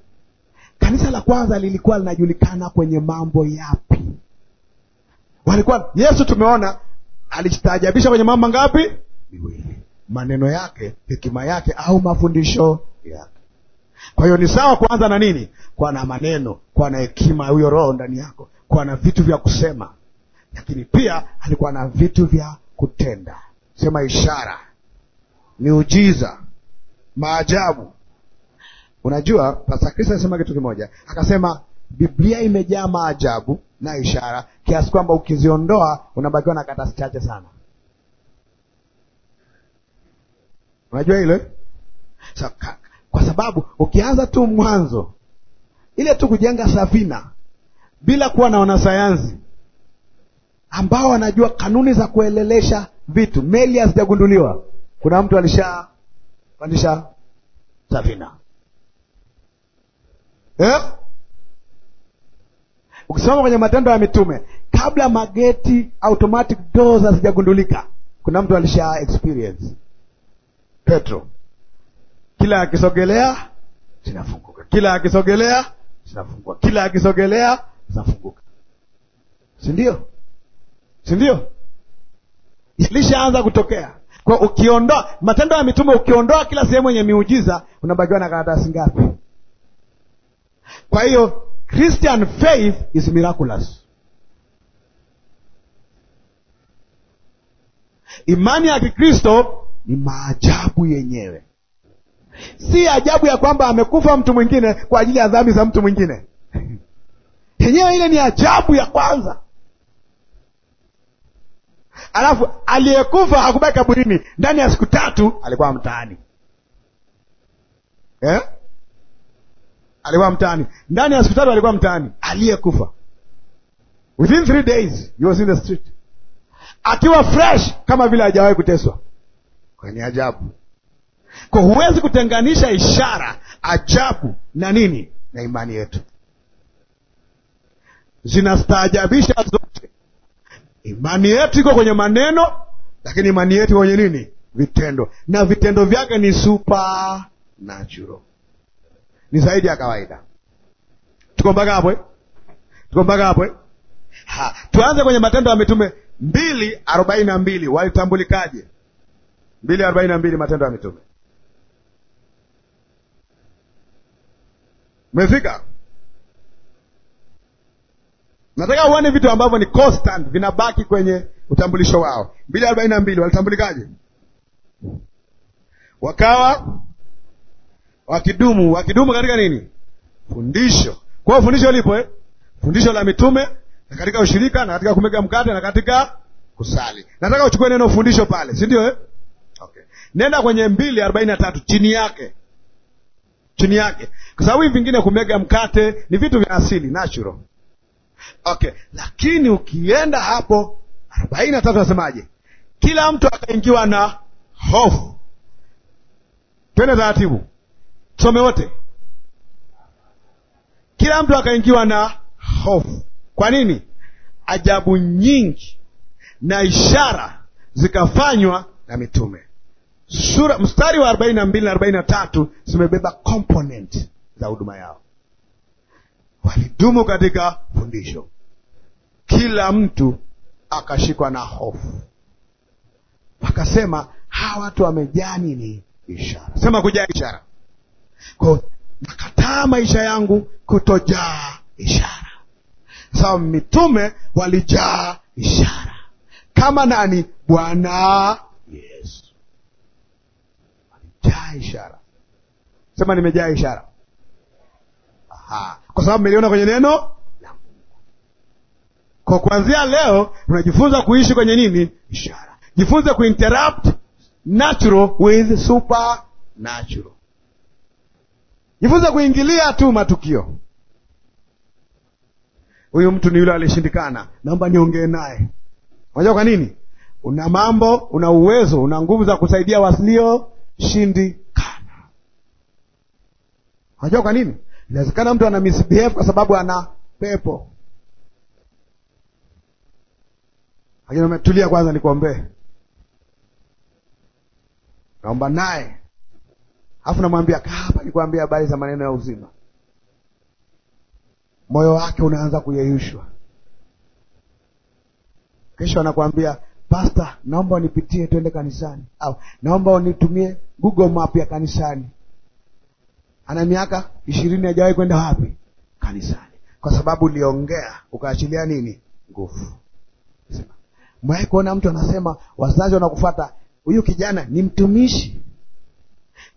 Kanisa la kwanza lilikuwa linajulikana kwenye mambo yapi? Walikuwa Yesu tumeona alijitaajabisha kwenye mambo ngapi? Miwili, maneno yake, hekima yake, au mafundisho yake. Kwa hiyo ni sawa kuanza na nini? Kwa na maneno, kwa na hekima, huyo Roho ndani yako, kwa na vitu vya kusema lakini pia alikuwa na vitu vya kutenda, sema ishara, miujiza, maajabu. Unajua, Pastor Chris alisema kitu kimoja, akasema Biblia imejaa maajabu na ishara kiasi kwamba ukiziondoa unabakiwa na katasi chache sana. Unajua hilo so, kwa sababu ukianza tu mwanzo ile tu kujenga safina bila kuwa na wanasayansi ambao wanajua kanuni za kuelelesha vitu. Meli hazijagunduliwa, kuna mtu alishapandisha safina eh? Ukisoma kwenye Matendo ya Mitume, kabla mageti automatic doors hazijagundulika, kuna mtu alisha experience. Petro kila akisogelea zinafunguka, kila akisogelea zinafunguka, kila akisogelea zinafunguka, si ndio? sindio Ilishaanza kutokea kwa ukiondoa Matendo ya Mitume, ukiondoa kila sehemu yenye miujiza unabakiwa na karatasi ngapi? Kwa hiyo Christian faith is miraculous. Imani ya Kikristo ni maajabu yenyewe. Si ajabu ya kwamba amekufa mtu mwingine kwa ajili ya dhambi za mtu mwingine yenyewe ile ni ajabu ya kwanza alafu aliyekufa hakubaki kaburini, ndani ya siku tatu alikuwa mtaani eh? alikuwa mtaani ndani ya siku tatu alikuwa mtaani, aliyekufa within three days he was in the street, akiwa fresh kama vile hajawahi kuteswa. Kwani ajabu kwa, huwezi kutenganisha ishara, ajabu na nini na imani yetu zinastaajabisha zote Imani yetu iko kwenye maneno, lakini imani yetu kwenye nini? Vitendo, na vitendo vyake ni supernatural, ni zaidi ya kawaida. Tuko mpaka hapo eh? Tuko mpaka hapo eh? Ha, tuanze kwenye Matendo ya Mitume mbili arobaini na mbili. Walitambulikaje? mbili arobaini na mbili, Matendo ya Mitume. Mmefika nataka uone vitu ambavyo ni constant vinabaki kwenye utambulisho wao. 242 walitambulikaje? Wakawa wakidumu wakidumu katika nini? Fundisho. Kwa hiyo fundisho lipo eh? fundisho la mitume na katika ushirika na katika kumega mkate na katika kusali. Nataka uchukue neno fundisho pale, si ndio eh? Okay. Nenda kwenye 243 chini yake chini yake, kwa sababu hivi vingine kumega mkate ni vitu vya asili natural Okay, lakini ukienda hapo arobaini na tatu nasemaje? Kila mtu akaingiwa na hofu. Twende taratibu, some wote. Kila mtu akaingiwa na hofu. Kwa nini? Ajabu nyingi na ishara zikafanywa na mitume. Sura mstari wa arobaini na mbili na arobaini na tatu zimebeba component za huduma yao walidumu katika fundisho, kila mtu akashikwa na hofu. Akasema hawa watu wamejaa nini? Ishara. Sema kujaa ishara. Kwa nakataa maisha yangu kutojaa ishara. Sawa, mitume walijaa ishara kama nani? Bwana Yesu walijaa ishara. Sema nimejaa ishara. Aha kwa sababu mmeliona kwenye neno la Mungu. Kwa kuanzia leo unajifunza kuishi kwenye nini? Ishara. Jifunze kuinterrupt natural with supernatural. Jifunze kuingilia tu matukio. Huyu mtu ni yule alishindikana, naomba niongee naye. Unajua kwa nini? Una mambo, una uwezo, una nguvu za kusaidia shindikana. Unajua kwa nini? Inawezekana mtu ana misbehave kwa sababu ana pepo. Lakini umetulia kwanza, nikuombee. Naomba naye alafu namwambia kaa hapa, nikuambia habari za maneno ya uzima. Moyo wake unaanza kuyeyushwa. Kesho anakwambia Pasta, naomba unipitie twende kanisani, au naomba unitumie Google map ya kanisani ana miaka ishirini hajawahi kwenda wapi? Kanisani, kwa sababu uliongea ukaachilia nini nguvu. Mwai kuona mtu anasema wazazi wanakufuata, huyu kijana ni mtumishi,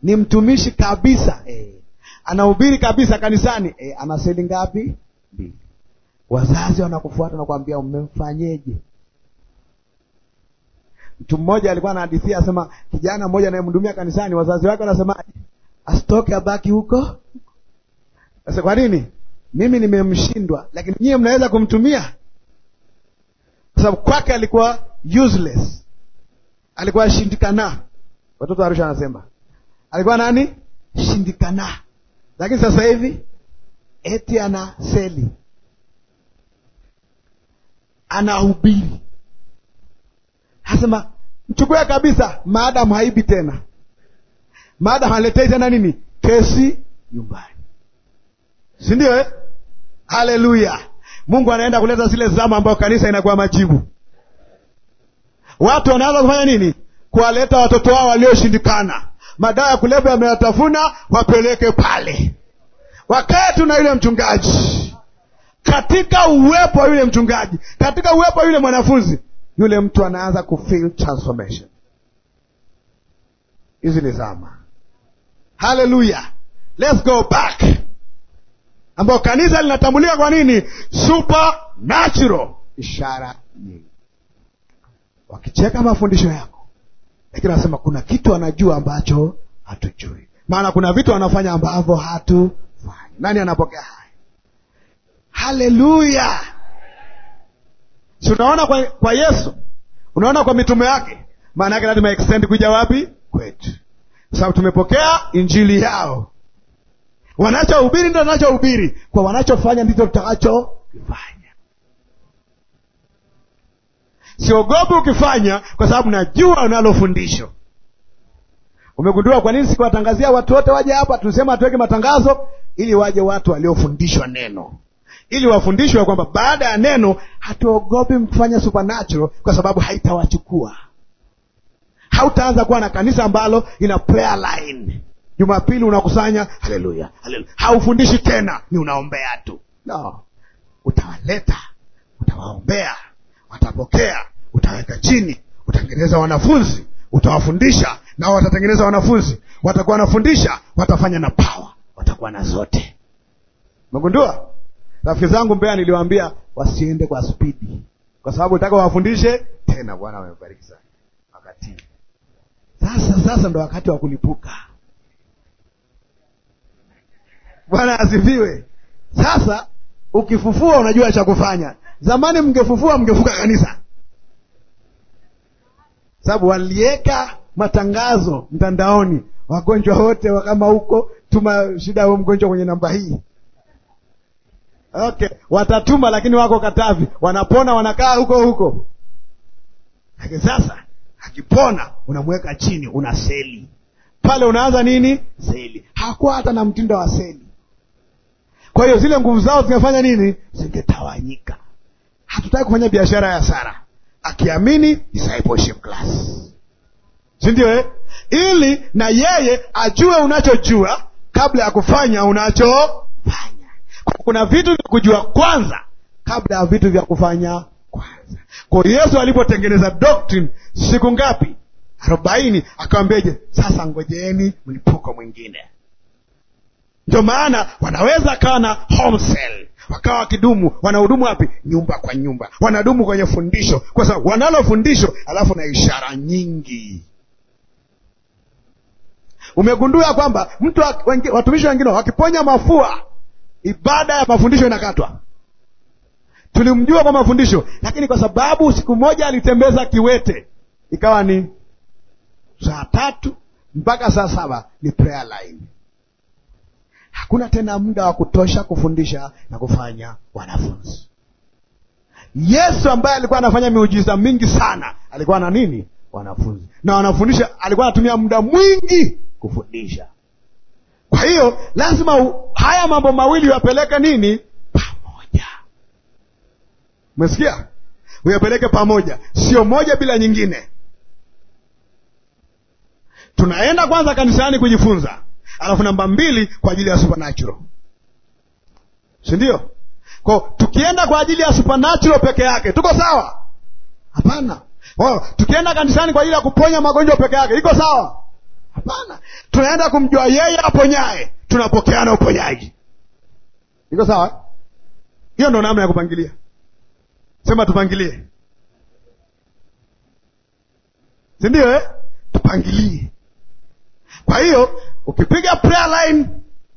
ni mtumishi kabisa eh. Anahubiri kabisa kanisani eh, ana seli ngapi? Mbili. Wazazi wanakufuata na umemfanyeje? Mtu mmoja alikuwa anahadithia, asema kijana mmoja anayemhudumia kanisani, wazazi wake wanasemaje? asitoke abaki huko. Sasa kwa nini? Mimi nimemshindwa, lakini nyie mnaweza kumtumia, kwa sababu kwake alikuwa useless, alikuwa shindikana Watoto wa Arusha anasema alikuwa nani? Shindikana. Lakini sasa hivi eti ana seli, anahubiri, anasema mchukue kabisa, maadamu haibi tena maadamu haletei tena nini kesi nyumbani, si ndio eh? Haleluya! Mungu anaenda kuleta zile zama ambayo kanisa inakuwa majibu. Watu wanaanza kufanya nini? Kuwaleta watoto wao walioshindikana, madawa ya kulevya yamewatafuna, wapeleke pale, wakae tu na yule mchungaji, katika uwepo wa yule mchungaji, katika uwepo wa yule mwanafunzi, yule mtu anaanza kufeel transformation. Hizi ni zama haleluya let's go back ambayo kanisa linatambulika kwa nini supernatural ishara nyingi wakicheka mafundisho yako lakini anasema kuna kitu anajua ambacho hatujui maana kuna vitu anafanya ambavyo hatufanyi nani anapokea haya haleluya si unaona kwa, kwa yesu unaona kwa mitume yake maana yake lazima extend kuja wapi kwetu sababu tumepokea injili yao. Wanachohubiri ndo wanachohubiri, kwa wanachofanya ndicho tutakachokifanya. Siogopi ukifanya, kwa sababu najua unalofundisho. Umegundua kwa nini sikuwatangazia watu wote waje hapa? Tulisema hatuweke matangazo ili waje watu waliofundishwa neno, ili wafundishwe kwamba baada ya neno hatuogopi mkufanya supernatural, kwa sababu haitawachukua hautaanza kuwa na kanisa ambalo ina prayer line. Jumapili unakusanya haleluya, Haufundishi tena, ni unaombea tu. No, utawaleta, utawaombea, watapokea, utaweka chini, utatengeneza wanafunzi, utawafundisha, nao watatengeneza wanafunzi, watakuwa wanafundisha, watafanya na pawa, watakuwa na zote. Umegundua? Rafiki zangu Mbeya niliwaambia wasiende kwa spidi, kwa sababu nataka wafundishe tena. Bwana amebariki sana wakati sasa sasa ndo wakati wa kulipuka. Bwana asifiwe. Sasa ukifufua, unajua cha kufanya. Zamani mngefufua, mngefuka kanisa, sababu waliweka matangazo mtandaoni, wagonjwa wote kama huko, tuma shida ya mgonjwa kwenye namba hii. Okay, watatuma, lakini wako Katavi, wanapona, wanakaa huko huko. Sasa akipona unamweka chini, una seli pale, unaanza nini? Seli. Hakuwa hata na mtindo wa seli. Kwa hiyo zile nguvu zao zingefanya nini? Zingetawanyika. Hatutaki kufanya biashara ya Sara akiamini discipleship class, si ndio eh? Ili na yeye ajue unachojua kabla ya kufanya unachofanya. Kuna vitu vya kujua kwanza kabla ya vitu vya kufanya kwanza. Kwa Yesu alipotengeneza doctrine siku ngapi? Arobaini. Akawambiaje? Sasa ngojeeni mlipuko mwingine. Ndio maana wanaweza kawa na home cell wakawa wakidumu, wanahudumu wapi? Nyumba kwa nyumba, wanadumu kwenye fundisho, kwa sababu wanalo fundisho, alafu na ishara nyingi. Umegundua kwamba mtu watumishi wengine wakiponya mafua, ibada ya mafundisho inakatwa. Tulimjua kwa mafundisho, lakini kwa sababu siku moja alitembeza kiwete, ikawa ni saa tatu mpaka saa saba ni prayer line. Hakuna tena muda wa kutosha kufundisha na kufanya wanafunzi. Yesu ambaye alikuwa anafanya miujiza mingi sana alikuwa na nini? Wanafunzi na wanafundisha, alikuwa anatumia muda mwingi kufundisha. Kwa hiyo lazima haya mambo mawili yapeleke nini Umesikia? Uyapeleke pamoja, sio moja bila nyingine. Tunaenda kwanza kanisani kujifunza, alafu namba mbili kwa ajili ya supernatural, si ndio? Kwa tukienda kwa ajili ya supernatural peke yake tuko sawa? Hapana. Wow, tukienda kanisani kwa ajili ya kuponya magonjwa peke yake iko sawa? Hapana. Tunaenda kumjua yeye aponyaye, tunapokeana uponyaji, iko sawa? Hiyo ndo namna ya kupangilia. Sema tupangilie, si ndio eh? Tupangilie. Kwa hiyo ukipiga prayer line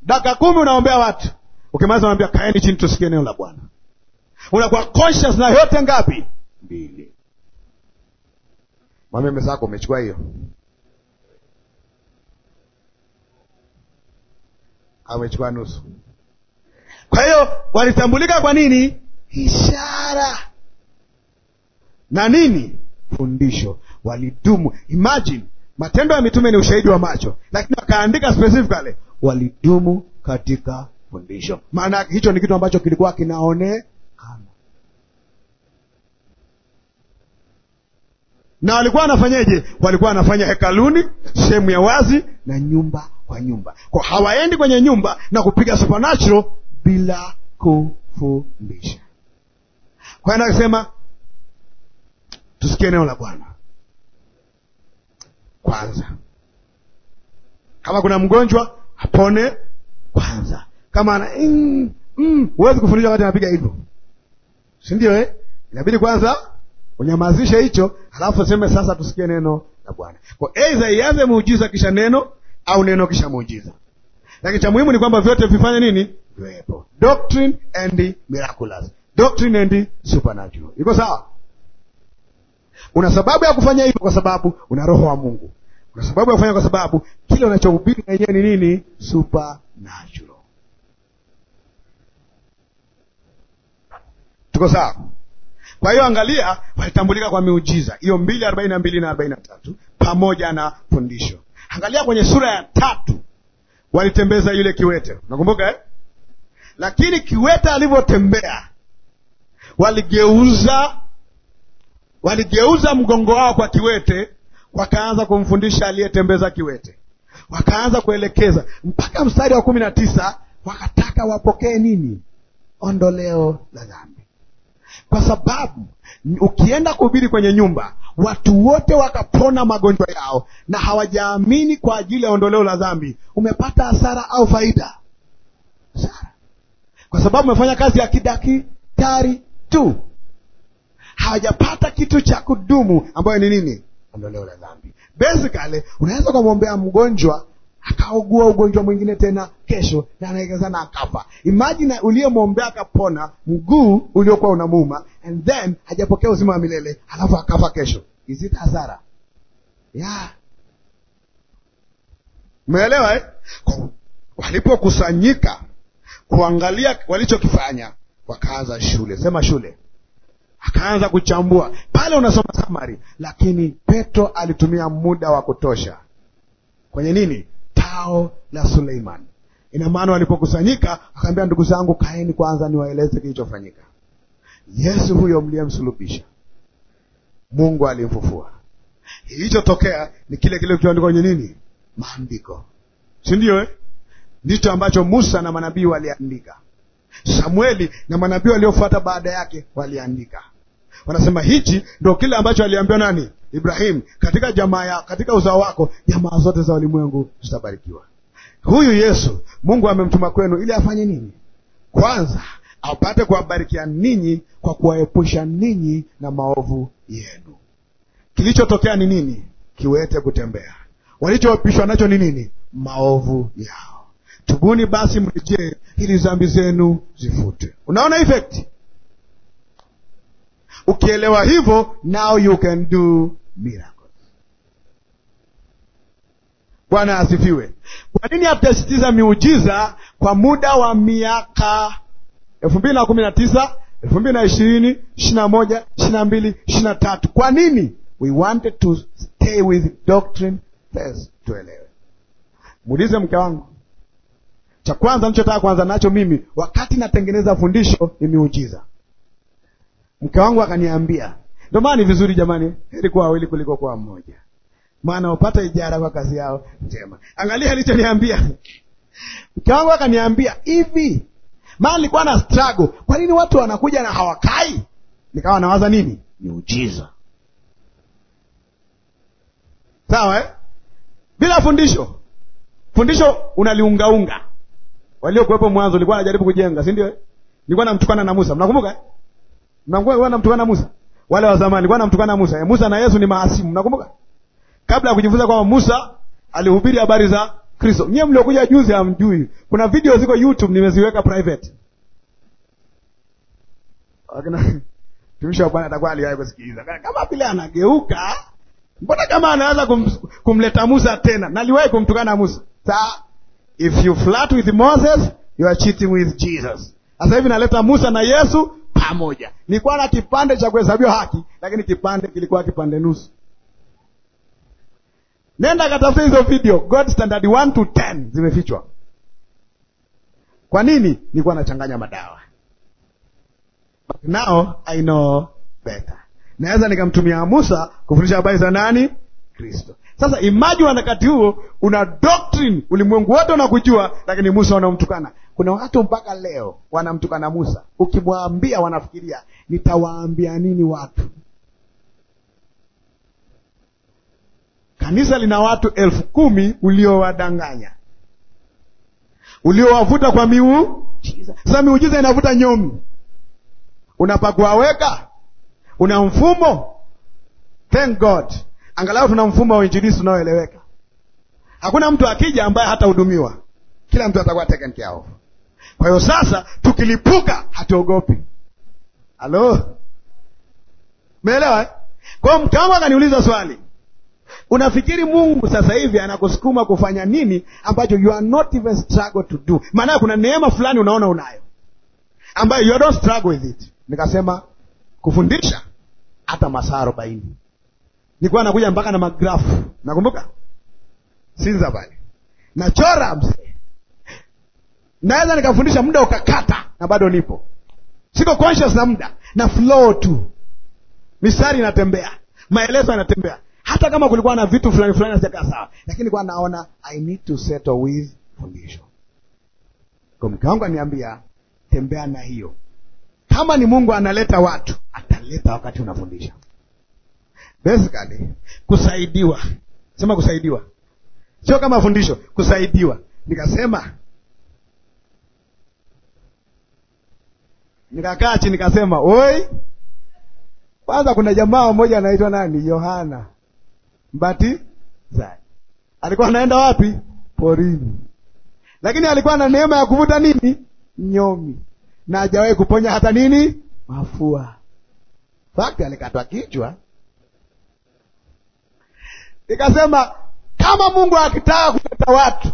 dakika kumi unaombea watu, ukimaliza unaambia kaeni chini, tusikie neno la Bwana. Unakuwa conscious na yote ngapi? Mbili. Mwambie mwenzako umechukua hiyo amechukua nusu. Kwa hiyo walitambulika kwa nini? Ishara na nini fundisho, walidumu. Imagine, Matendo ya Mitume ni ushahidi wa macho, lakini wakaandika specifically walidumu katika fundisho. Maana yake hicho ni kitu ambacho kilikuwa kinaonekana, na walikuwa wanafanyeje? Walikuwa wanafanya hekaluni, sehemu ya wazi, na nyumba kwa nyumba, kwa hawaendi kwenye nyumba na kupiga supernatural bila kufundisha. Kwa anasema Tusikie neno la Bwana kwanza. Kama kuna mgonjwa apone kwanza. Kama ana mm, mm, huwezi kufundisha wakati anapiga hivyo, si ndio eh? Inabidi kwanza unyamazishe hicho, alafu useme sasa, tusikie neno la Bwana. Kwa aidha ianze muujiza kisha neno, au neno kisha muujiza, lakini cha muhimu ni kwamba vyote vifanye nini? Viwepo doctrine and miraculous, doctrine and supernatural. Iko sawa? Una sababu ya kufanya hivyo, kwa sababu una roho wa Mungu. Una sababu ya kufanya, kwa sababu kile unachohubiri na yeye ni nini? Supernatural. Tuko sawa? Kwa hiyo angalia, walitambulika kwa miujiza hiyo 242 na 43 pamoja na fundisho. Angalia kwenye sura ya tatu, walitembeza yule kiwete, unakumbuka eh? Lakini kiwete alivyotembea waligeuza Waligeuza mgongo wao kwa kiwete, wakaanza kumfundisha aliyetembeza kiwete, wakaanza kuelekeza mpaka mstari wa kumi na tisa. Wakataka wapokee nini? Ondoleo la dhambi, kwa sababu ukienda kuhubiri kwenye nyumba watu wote wakapona magonjwa yao na hawajaamini kwa ajili ya ondoleo la dhambi, umepata hasara au faida? Hasara, kwa sababu umefanya kazi ya kidaktari tu hawajapata kitu cha kudumu, ambayo ni nini? Ondoleo la dhambi. Basically unaweza kumwombea mgonjwa akaugua ugonjwa mwingine tena kesho, na anaekezana akafa. Imagine uliyemwombea akapona mguu uliokuwa unamuuma, and then hajapokea uzima wa milele, alafu akafa kesho. Is it hasara? Yeah. Umeelewa eh? Walipokusanyika kuangalia walichokifanya, wakaanza shule. Sema shule akaanza kuchambua pale, unasoma samari. Lakini Petro alitumia muda wa kutosha kwenye nini? Tao la Suleiman. Ina maana walipokusanyika, akaambia ndugu zangu, kaeni kwanza niwaeleze kilichofanyika. Yesu huyo mliyemsulubisha, Mungu alimfufua. Ilichotokea ni kile kile kilichoandikwa kwenye nini? Maandiko, si ndio eh? Ndicho ambacho Musa na manabii waliandika, Samueli na manabii waliofuata baada yake waliandika. Wanasema hichi ndo kile ambacho aliambiwa nani? ibrahim katika jamaa ya, katika uzao wako jamaa zote za ulimwengu zitabarikiwa. Huyu Yesu Mungu amemtuma kwenu ili afanye nini? Kwanza apate kuwabarikia ninyi kwa kuwaepusha ninyi na maovu yenu. Kilichotokea ni nini? Kiwete kutembea. Walichoapishwa nacho ni nini? Maovu yao. Tubuni basi mrejee, ili dhambi zenu zifutwe. Unaona effect Ukielewa hivyo, now you can do miracles. Bwana asifiwe. Kwa nini atasitiza miujiza kwa muda wa miaka elfu mbili na kumi na tisa elfu mbili na ishirini ishirini na moja ishirini na mbili ishirini na tatu Kwa nini? We wanted to stay with doctrine first, tuelewe. Muulize mke wangu, cha kwanza nichotaka kuanza nacho mimi wakati natengeneza fundisho ni miujiza mke wangu akaniambia. Ndio maana ni vizuri jamani, heri kuwa wawili kuliko kuwa mmoja, maana wapata ijara kwa kazi yao njema. Angalia alichoniambia mke wangu akaniambia hivi, maana nilikuwa na struggle, kwa nini watu wanakuja na hawakai? Nikawa nawaza nini, miujiza. Sawa eh? bila fundisho fundisho unaliungaunga. Waliokuwepo mwanzo, nilikuwa najaribu kujenga, si ndio? Eh? Nilikuwa namtukana na Musa, mnakumbuka? eh? Mnamkumbuka Musa? Wale wa zamani Musa. E, Musa na Yesu ni maasimu. Mnakumbuka? Kabla ya kujifunza kwamba Musa alihubiri habari za Kristo. Nyewe mliokuja juzi hamjui. Kuna video ziko YouTube nimeziweka private. Akina tumisha bwana atakuwa kusikiliza. Kama vile anageuka, mbona kama anaanza kum, kumleta Musa tena? Naliwahi kumtukana Musa. Sa if you flirt with Moses, you are cheating with Jesus. Sasa hivi naleta Musa na Yesu pamoja. Nilikuwa na kipande cha kuhesabiwa haki, lakini kipande kilikuwa kipande nusu. Nenda katafuta hizo video God standard 1 to 10 zimefichwa. Kwa nini? Nilikuwa nachanganya madawa. But now I know better. Naweza nikamtumia Musa kufundisha habari za nani? Kristo. Sasa imagine wakati huo una doctrine, ulimwengu wote unakujua, lakini Musa wanamtukana. Kuna watu mpaka leo wanamtukana Musa, ukimwambia wanafikiria nitawaambia nini watu. Kanisa lina watu elfu kumi uliowadanganya, uliowavuta kwa miujiza. Sasa miujiza inavuta nyomi, unapakuwaweka una mfumo. Thank God Angalau tuna mfumo wa injilisi unaoeleweka. Hakuna mtu akija ambaye hatahudumiwa, kila mtu atakuwa taken care of. Kwa hiyo sasa tukilipuka hatuogopi. Halo, meelewa? Eh? Kwa hiyo mke wangu akaniuliza swali, unafikiri Mungu sasa hivi anakusukuma kufanya nini ambacho you are not even struggle to do? Maana kuna neema fulani unaona unayo ambayo you don't struggle with it. Nikasema kufundisha hata masaa arobaini nilikuwa nakuja mpaka na magrafu, nakumbuka Sinza pale nachora mzee, naweza nikafundisha muda ukakata, na bado nipo, siko conscious na muda na flow tu, mistari inatembea, maelezo yanatembea, hata kama kulikuwa na vitu fulani fulani hazijakaa sawa, lakini kwa naona I need to settle with fundisho. Kwa mke wangu aniambia, tembea na hiyo. Kama ni Mungu analeta watu, ataleta wakati unafundisha. Basically kusaidiwa, sema kusaidiwa, sio kama fundisho, kusaidiwa. Nikasema nikakaa chini nikasema, oi, kwanza kuna jamaa mmoja anaitwa nani, Yohana Mbatizaji, alikuwa anaenda wapi? Porini, lakini alikuwa na neema ya kuvuta nini, nyomi, na hajawahi kuponya hata nini, mafua. Fakti alikatwa kichwa Nikasema kama Mungu akitaka kuleta watu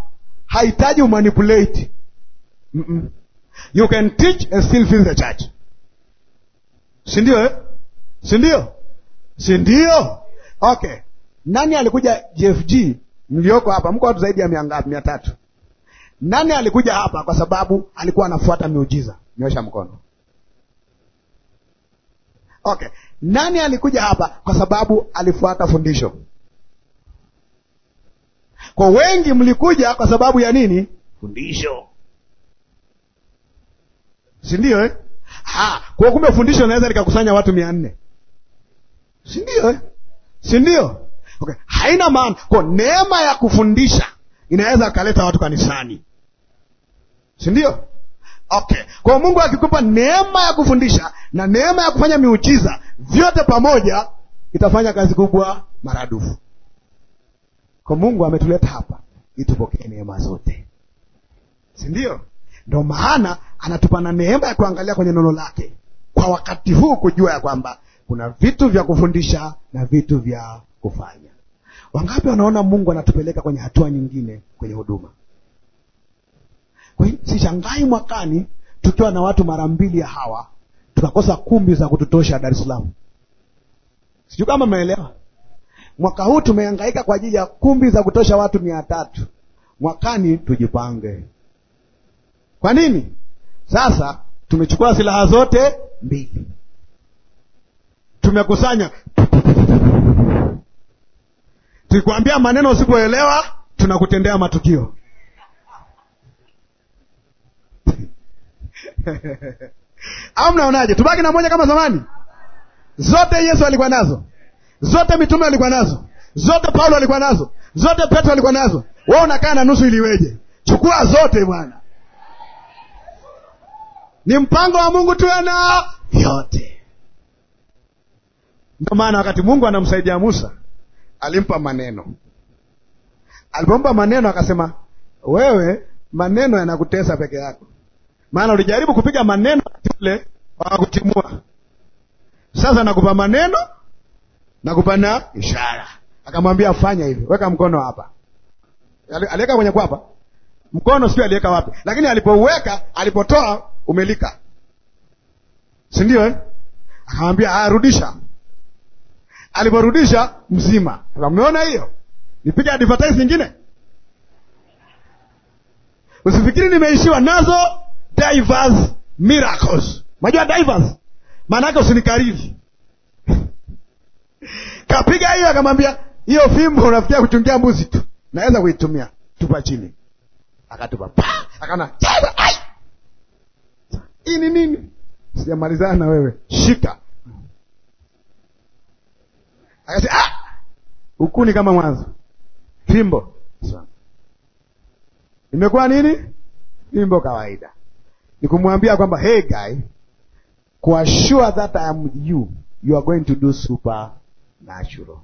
hahitaji umanipulate. mm -mm. You can teach and still fill the church, si ndio eh? si ndio si ndio? Okay, nani alikuja JFG? Mlioko hapa mko watu zaidi ya mia ngapi? mia tatu. Nani alikuja hapa kwa sababu alikuwa anafuata miujiza? Nyosha mkono. Okay, nani alikuja hapa kwa sababu alifuata fundisho? Kwa wengi mlikuja kwa sababu ya nini? Fundisho, si ndio eh? Kwa kumbe fundisho naweza nikakusanya watu mia nne, si ndio eh? si ndio? Okay. Haina maana kwa neema ya kufundisha inaweza akaleta watu kanisani, si ndio? Okay, kwa Mungu akikupa neema ya kufundisha na neema ya kufanya miujiza, vyote pamoja itafanya kazi kubwa maradufu. Kwa Mungu ametuleta hapa ili tupokee neema zote, si ndio? Ndio maana anatupa na neema ya kuangalia kwenye neno lake kwa wakati huu, kujua ya kwamba kuna vitu vya kufundisha na vitu vya kufanya. Wangapi wanaona Mungu anatupeleka kwenye hatua nyingine kwenye huduma? Kwa hiyo sishangai mwakani tukiwa na watu mara mbili ya hawa tukakosa kumbi za kututosha Dar es Salaam. Sijui kama mmeelewa. Mwaka huu tumehangaika kwa ajili ya kumbi za kutosha watu mia tatu. Mwakani tujipange. Kwa nini? Sasa tumechukua silaha zote mbili, tumekusanya. Tukikwambia maneno usipoelewa, tunakutendea matukio au mnaonaje? Tubaki na moja kama zamani? Zote Yesu alikuwa nazo. Zote mitume walikuwa nazo, zote Paulo alikuwa nazo, zote Petro alikuwa nazo. Wewe unakaa na nusu, iliweje? Chukua zote Bwana. Ni mpango wa Mungu tuwe na yote. Ndio maana wakati Mungu anamsaidia Musa alimpa maneno, alipompa maneno akasema, wewe maneno yanakutesa peke yako, maana ulijaribu kupiga maneno yule wakakutimua. Sasa nakupa maneno na kupana ishara. Akamwambia fanya hivyo, weka mkono hapa. Aliweka kwenye kwapa mkono, sio aliweka wapi, lakini alipouweka, alipotoa umelika, si ndio eh? Akamwambia arudisha. Ah, Aliporudisha mzima. Umeona hiyo? Nipige advertise nyingine. Usifikiri nimeishiwa nazo. Divers miracles, Majua divers maana yake usinikariri Kapiga hiyo, akamwambia hiyo fimbo unafikia kuchungia mbuzi tu, naweza kuitumia, tupa chini. Akatupa pa, akana ai, hii ni nini? Sijamalizana na wewe, shika. Akasema ah, ni kama mwanzo, fimbo imekuwa nini? Fimbo kawaida. Nikumwambia kwamba hey guy, kwa sure that I am you, you are going to do super na Ashuro.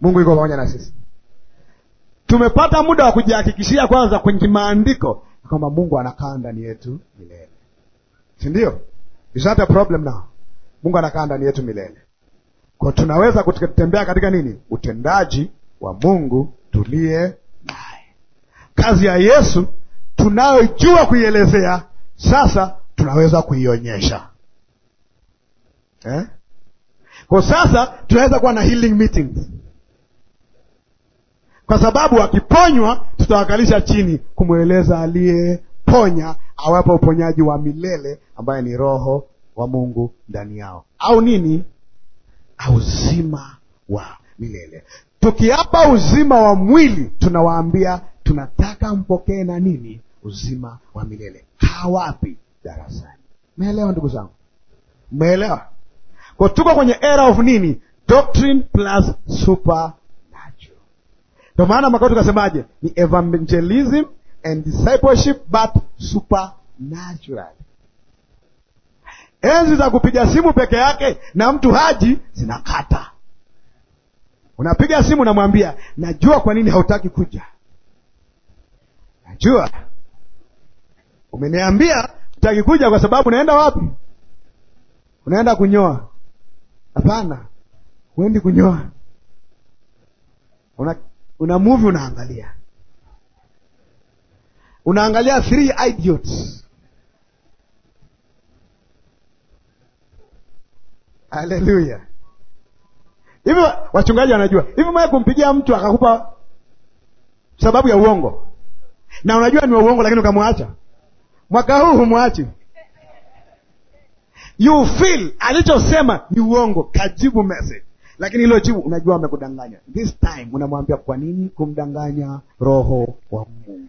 Mungu yuko pamoja na sisi. Tumepata muda wa kujihakikishia kwanza kwenye maandiko kwamba Mungu anakaa ndani yetu milele, si ndio? Is that a problem now? Mungu anakaa ndani yetu milele, kwa tunaweza kutembea katika nini, utendaji wa Mungu tuliye naye. Kazi ya Yesu tunayojua kuielezea sasa tunaweza kuionyesha eh? Kwa sasa tunaweza kuwa na healing meetings, kwa sababu akiponywa tutawakalisha chini kumweleza aliyeponya, awapo uponyaji wa milele ambaye ni Roho wa Mungu ndani yao, au nini, au uzima wa milele. Tukiapa uzima wa mwili, tunawaambia tunataka mpokee na nini, uzima wa milele. Hawapi darasani. Meelewa ndugu zangu? Meelewa? Kwa tuko kwenye era of nini? Doctrine plus supernatural. Ndio maana makao tukasemaje? Ni evangelism and discipleship but supernatural. Enzi za kupiga simu peke yake na mtu haji zinakata. Unapiga simu namwambia, najua kwa nini hautaki kuja, najua umeniambia utaki kuja kwa sababu unaenda wapi? Unaenda kunyoa. Hapana, huendi kunyoa, una, una movie unaangalia, unaangalia three idiots. Haleluya! Hivyo wachungaji wanajua hivi, Mwaye kumpigia mtu akakupa sababu ya uongo na unajua ni wa uongo, lakini ukamwacha. Mwaka huu humwachi you feel alichosema ni uongo, kajibu message. Lakini hilo jibu unajua amekudanganya this time, unamwambia kwa nini kumdanganya roho wa Mungu?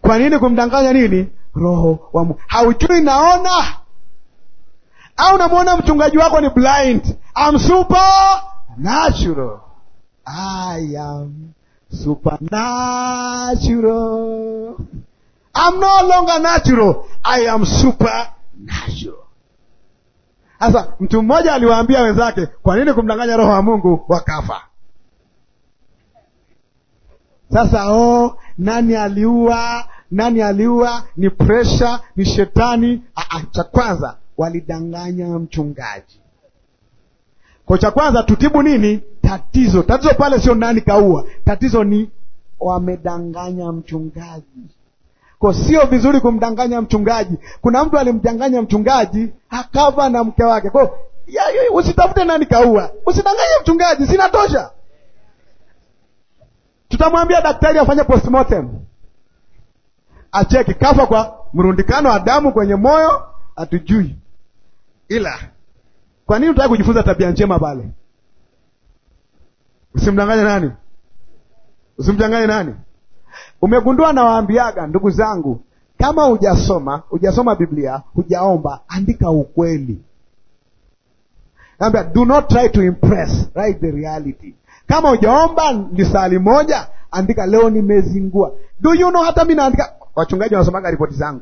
Kwa nini kumdanganya nini roho wa Mungu? Haujui naona au unamwona mchungaji wako ni blind. I'm super natural. I am supernatural. I'm no longer natural, I am supernatural. Sasa mtu mmoja aliwaambia wenzake, kwa nini kumdanganya roho wa Mungu? Wakafa. Sasa oh, nani aliua? Nani aliua? Ni presha? Ni shetani? Ah, ah, cha kwanza walidanganya mchungaji. Kwa cha kwanza tutibu nini tatizo? Tatizo pale sio nani kaua, tatizo ni wamedanganya mchungaji. Kwa sio vizuri kumdanganya mchungaji. Kuna mtu alimdanganya mchungaji akava na mke wake. Kwa hiyo usitafute nani kaua, usidanganye mchungaji, sina tosha. Tutamwambia daktari afanye postmortem, acheki kafa kwa mrundikano wa damu kwenye moyo, hatujui. Ila kwa nini unataka kujifunza tabia njema pale? Usimdanganye nani? Usimdanganye nani? Umegundua, nawaambiaga ndugu zangu, kama hujasoma hujasoma Biblia, hujaomba, andika ukweli. Naambia, do not try to impress, write the reality. Kama hujaomba ni sali moja, andika leo nimezingua. Do you know, hata mi naandika. Wachungaji wanasomaga ripoti zangu,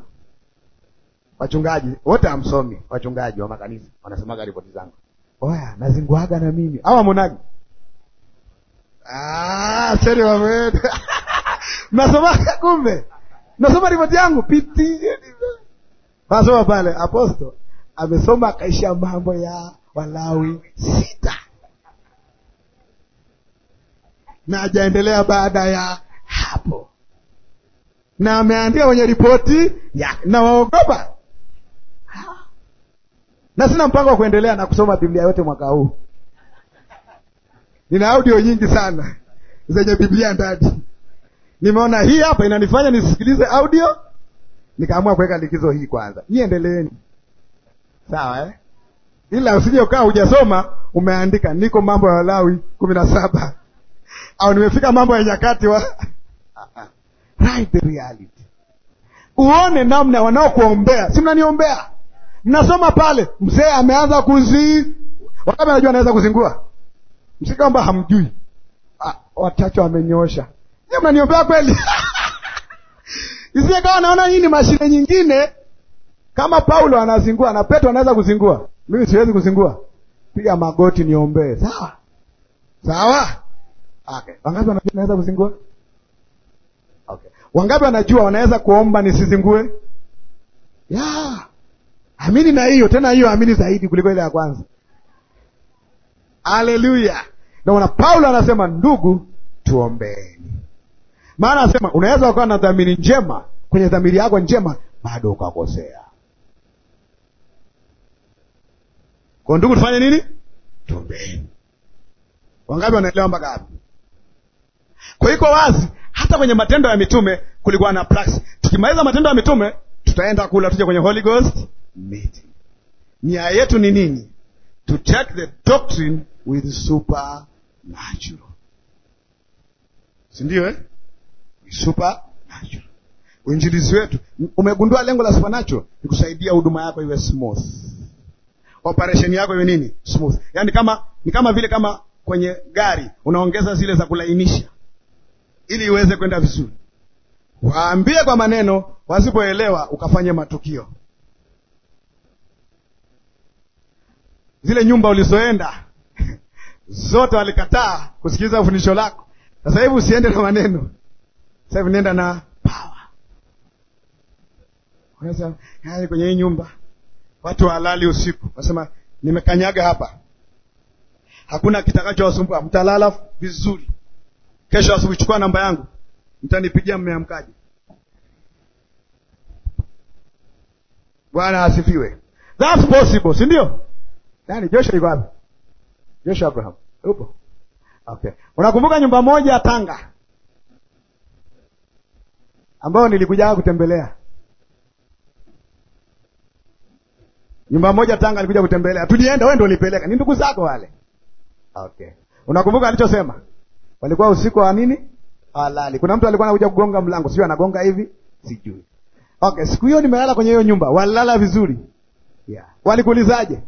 wachungaji wote hamsomi, wachungaji wa makanisa wanasomaga ripoti zangu. Oya, nazinguaga na mimi awa monagi ah, mnasomaga kumbe, nasoma ripoti yangu piti nasoma pale, aposto amesoma akaisha mambo ya Walawi sita na ajaendelea baada ya hapo, na ameandika kwenye ripoti ya nawaogopa na sina mpango wa kuendelea na kusoma Biblia yote mwaka huu. Nina audio nyingi sana zenye Biblia ndani. Nimeona hii hapa inanifanya nisikilize audio, nikaamua kuweka likizo hii kwanza. Nyi endeleeni, sawa eh? Ila usije ukawa hujasoma umeandika, niko mambo ya Walawi kumi na saba au nimefika mambo ya nyakati wa right the reality, uone namna wanaokuombea. Si mnaniombea, mnasoma pale, mzee ameanza kuzi, wakati anajua anaweza kuzingua, msikwamba hamjui. Ah, wachache wamenyosha mnaniombea kweli? Isiyekawa naona hii ni mashine nyingine. Kama Paulo anazingua na Petro anaweza kuzingua, mimi siwezi kuzingua. Piga magoti niombee, sawa sawa. Okay, wangapi wanajua naweza kuzingua? Okay, wangapi wanajua wanaweza kuomba nisizingue? Yeah. Amini na hiyo tena, hiyo amini zaidi kuliko ile ya kwanza. Haleluya! Ndio Paulo anasema ndugu, tuombee. Maana anasema unaweza ukawa na dhamiri njema kwenye dhamiri yako njema, bado ukakosea. Kwa ndugu, tufanye nini? Tuombeni. Wangapi wanaelewa mpaka hapo? Kwa iko wazi, hata kwenye matendo ya mitume kulikuwa na praksi. Tukimaliza matendo ya mitume, tutaenda kula, tuje kwenye Holy Ghost meeting. Nia yetu ni nini? To check the doctrine with supernatural, si ndio eh? supernatural. Uinjilizi wetu umegundua, lengo la supernatural ni kusaidia huduma yako iwe smooth, operation yako iwe nini, smooth. Yani kama ni kama vile kama kwenye gari unaongeza zile za kulainisha ili iweze kwenda vizuri. Waambie kwa maneno, wasipoelewa ukafanye matukio. Zile nyumba ulizoenda zote walikataa kusikiliza ufundisho lako. Sasa hivi usiende na maneno sasa hivi nenda na pawa unasema hai, kwenye hii nyumba watu walali usiku, nasema nimekanyaga hapa, hakuna kitakachowasumbua, mtalala vizuri. Kesho asubuhi, chukua namba yangu, mtanipigia mmeamkaje. Bwana asifiwe. That's possible, si ndio? Nani Joshua yuko wapi? Joshua Abraham. Upo? Okay. Unakumbuka nyumba moja Tanga ambayo nilikuja kutembelea nyumba moja Tanga, nilikuja kutembelea, tulienda, wewe ndio ulipeleka, ni ndugu zako wale. Okay, unakumbuka alichosema? Walikuwa usiku wa nini, halali. Kuna mtu alikuwa anakuja kugonga mlango, sio anagonga hivi, sijui. Okay, siku hiyo nimelala kwenye hiyo nyumba, walala vizuri yeah. Walikuulizaje?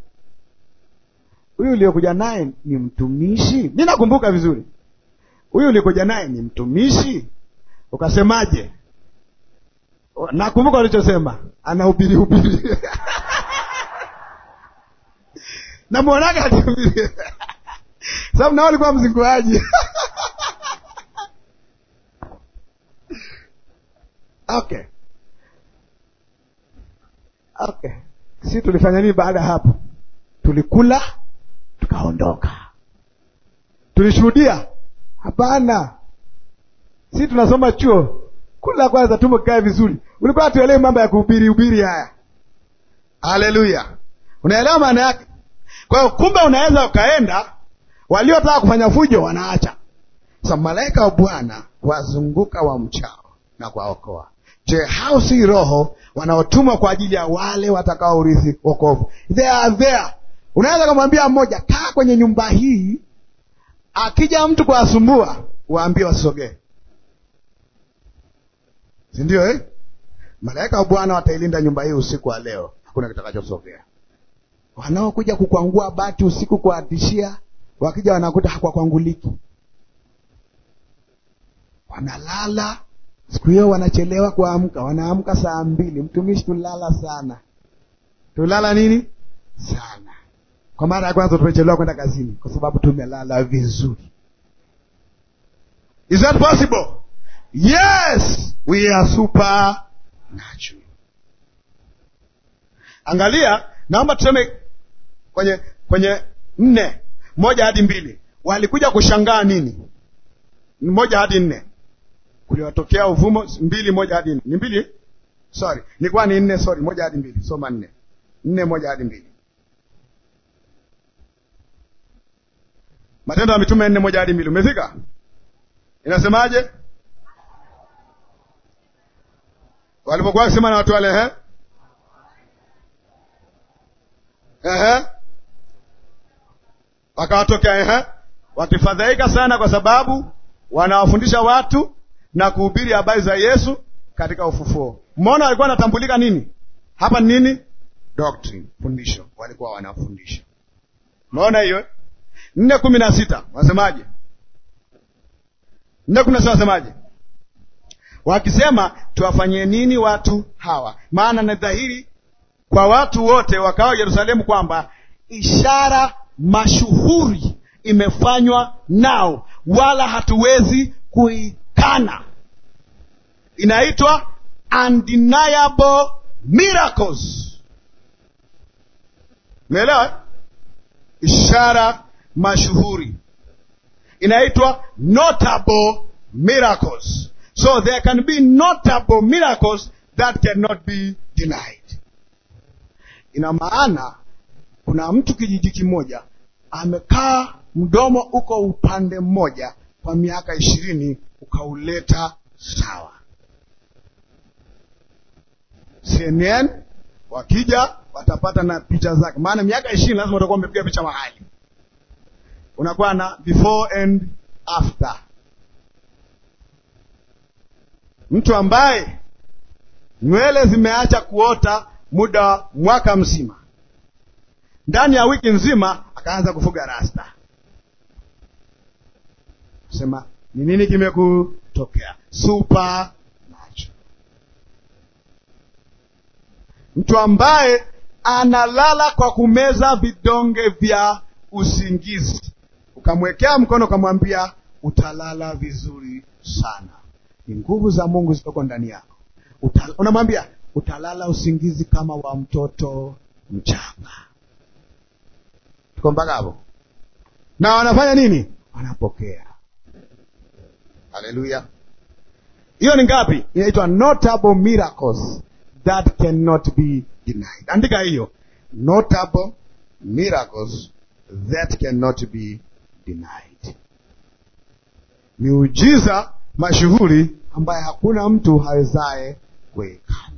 huyu uliokuja naye ni mtumishi? Mimi nakumbuka vizuri, huyu uliokuja naye ni mtumishi, ukasemaje? Nakumbuka walichosema, anahubiri hubiri namwonaga akihubiri sababu nao alikuwa mzinguaji okay, okay. Si tulifanya nini baada ya hapo? Tulikula tukaondoka, tulishuhudia? Hapana, si tunasoma chuo Kundi la kwanza tumbo kikae vizuri. Ulikuwa tuelewe mambo ya kuhubiri hubiri haya. Haleluya. Unaelewa maana yake? Kwa hiyo kumbe unaweza ukaenda, waliotaka kufanya fujo wanaacha. Sasa malaika wa Bwana wazunguka wa mchao na kuwaokoa. Je, hao si roho wanaotumwa kwa ajili ya wale watakaourithi wokovu? They are there. Unaweza kumwambia mmoja, kaa kwenye nyumba hii, akija mtu kuwasumbua, waambie wasogee si ndio eh? Malaika wa Bwana watailinda nyumba hii usiku wa leo, hakuna kitakachosogea. Wanaokuja kukwangua bati usiku kuatishia, wakija wanakuta hakwakwanguliki, wanalala siku hiyo, wanachelewa kuamka, wanaamka saa mbili. Mtumishi, tulala sana, tulala nini sana. Kwa mara ya kwanza tumechelewa kwenda kazini kwa sababu tumelala vizuri. Is that possible? Yes, we are supernatural. Angalia, naomba tuseme kwenye kwenye nne moja hadi mbili. Walikuja kushangaa nini? Moja hadi nne, kuliwatokea uvumo. Mbili moja hadi nne, ni mbili sorry, nilikuwa ni nne sorry, moja hadi mbili. Soma nne nne moja hadi mbili. Matendo ya Mitume nne moja hadi mbili. Umefika? Inasemaje? walipokuwa wakisema na watu wale he? Ehe, wakawatokea ehe, wakifadhaika sana, kwa sababu wanawafundisha watu na kuhubiri habari za Yesu katika ufufuo. Mbona walikuwa wanatambulika nini hapa? Nini doctrine, fundisho walikuwa wanafundisha. Mbona hiyo nne kumi na sita wasemaje? nne kumi na sita wasemaje? wakisema tuwafanyie nini watu hawa? Maana ni dhahiri kwa watu wote wakao Yerusalemu kwamba ishara mashuhuri imefanywa nao, wala hatuwezi kuikana. Inaitwa undeniable miracles. Umeelewa? Ishara mashuhuri inaitwa notable miracles. So there can be notable miracles that cannot be denied. Ina maana kuna mtu kijiji kimoja amekaa mdomo uko upande mmoja kwa miaka ishirini ukauleta sawa. CNN wakija watapata na picha zake, maana miaka ishirini lazima utakuwa umepiga picha mahali, unakuwa na before and after mtu ambaye nywele zimeacha kuota muda wa mwaka mzima, ndani ya wiki nzima akaanza kufuga rasta, sema ni nini kimekutokea? Super macho Mtu ambaye analala kwa kumeza vidonge vya usingizi, ukamwekea mkono ukamwambia utalala vizuri sana ni nguvu za Mungu zilizoko ndani yako. Unamwambia utalala usingizi kama wa mtoto mchanga. Tuko mpaka hapo? Na wanafanya nini? Wanapokea. Haleluya! Hiyo ni ngapi? Inaitwa notable miracles that cannot be denied. Andika hiyo, notable miracles that cannot be denied. Miujiza mashuhuri ambaye hakuna mtu hawezaye kuikana.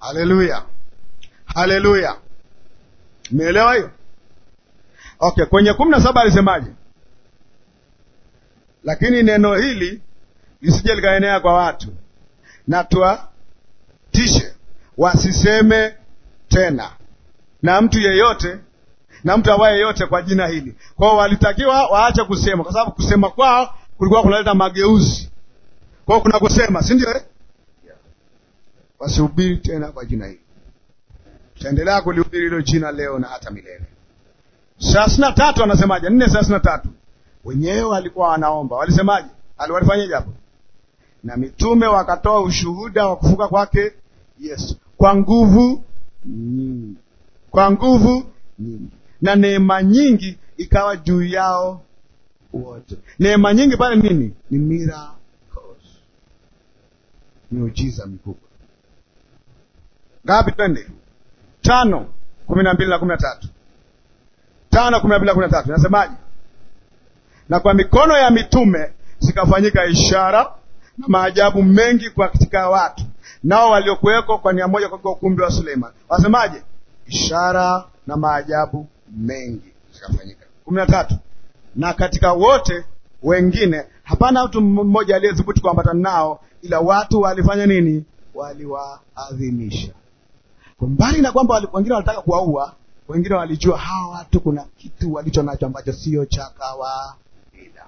Haleluya, haleluya, umeelewa hiyo? Okay, kwenye kumi na saba alisemaje? Lakini neno hili lisije likaenea kwa watu, na tuwatishe wasiseme tena na mtu yeyote na mtu awaye yote kwa jina hili. Kwao walitakiwa waache kusema, kwa sababu kusema kwao kulikuwa kunaleta mageuzi kwao, kuna kusema, si ndio eh? Wasihubiri tena kwa jina hili, tutaendelea kulihubiri hilo jina leo na hata milele. thelathini na tatu anasemaje? nne thelathini na tatu wenyewe walikuwa wanaomba, walisemaje? aliwalifanyaje hapo? Na mitume wakatoa ushuhuda wa kufuka kwake Yesu kwa nguvu nyingi, kwa nguvu nyingi, na neema nyingi ikawa juu yao wote. Neema nyingi pale nini? Ni mira miujiza mikubwa. Ngapi? Twende tano kumi na mbili na kumi na tatu tano kumi na mbili na kumi na tatu Nasemaje? Na kwa mikono ya mitume zikafanyika ishara na maajabu mengi kwa katika watu, nao waliokuweko kwa nia moja katika ukumbi wa Suleiman. Wasemaje? Ishara na maajabu mengi zikafanyika. kumi na tatu na katika wote wengine hapana mtu mmoja aliyethubutu kuambatana nao, ila watu walifanya nini? Waliwaadhimisha. Mbali na kwamba wengine walitaka kuwaua, wengine walijua hawa watu kuna kitu walicho nacho ambacho sio cha kawaida.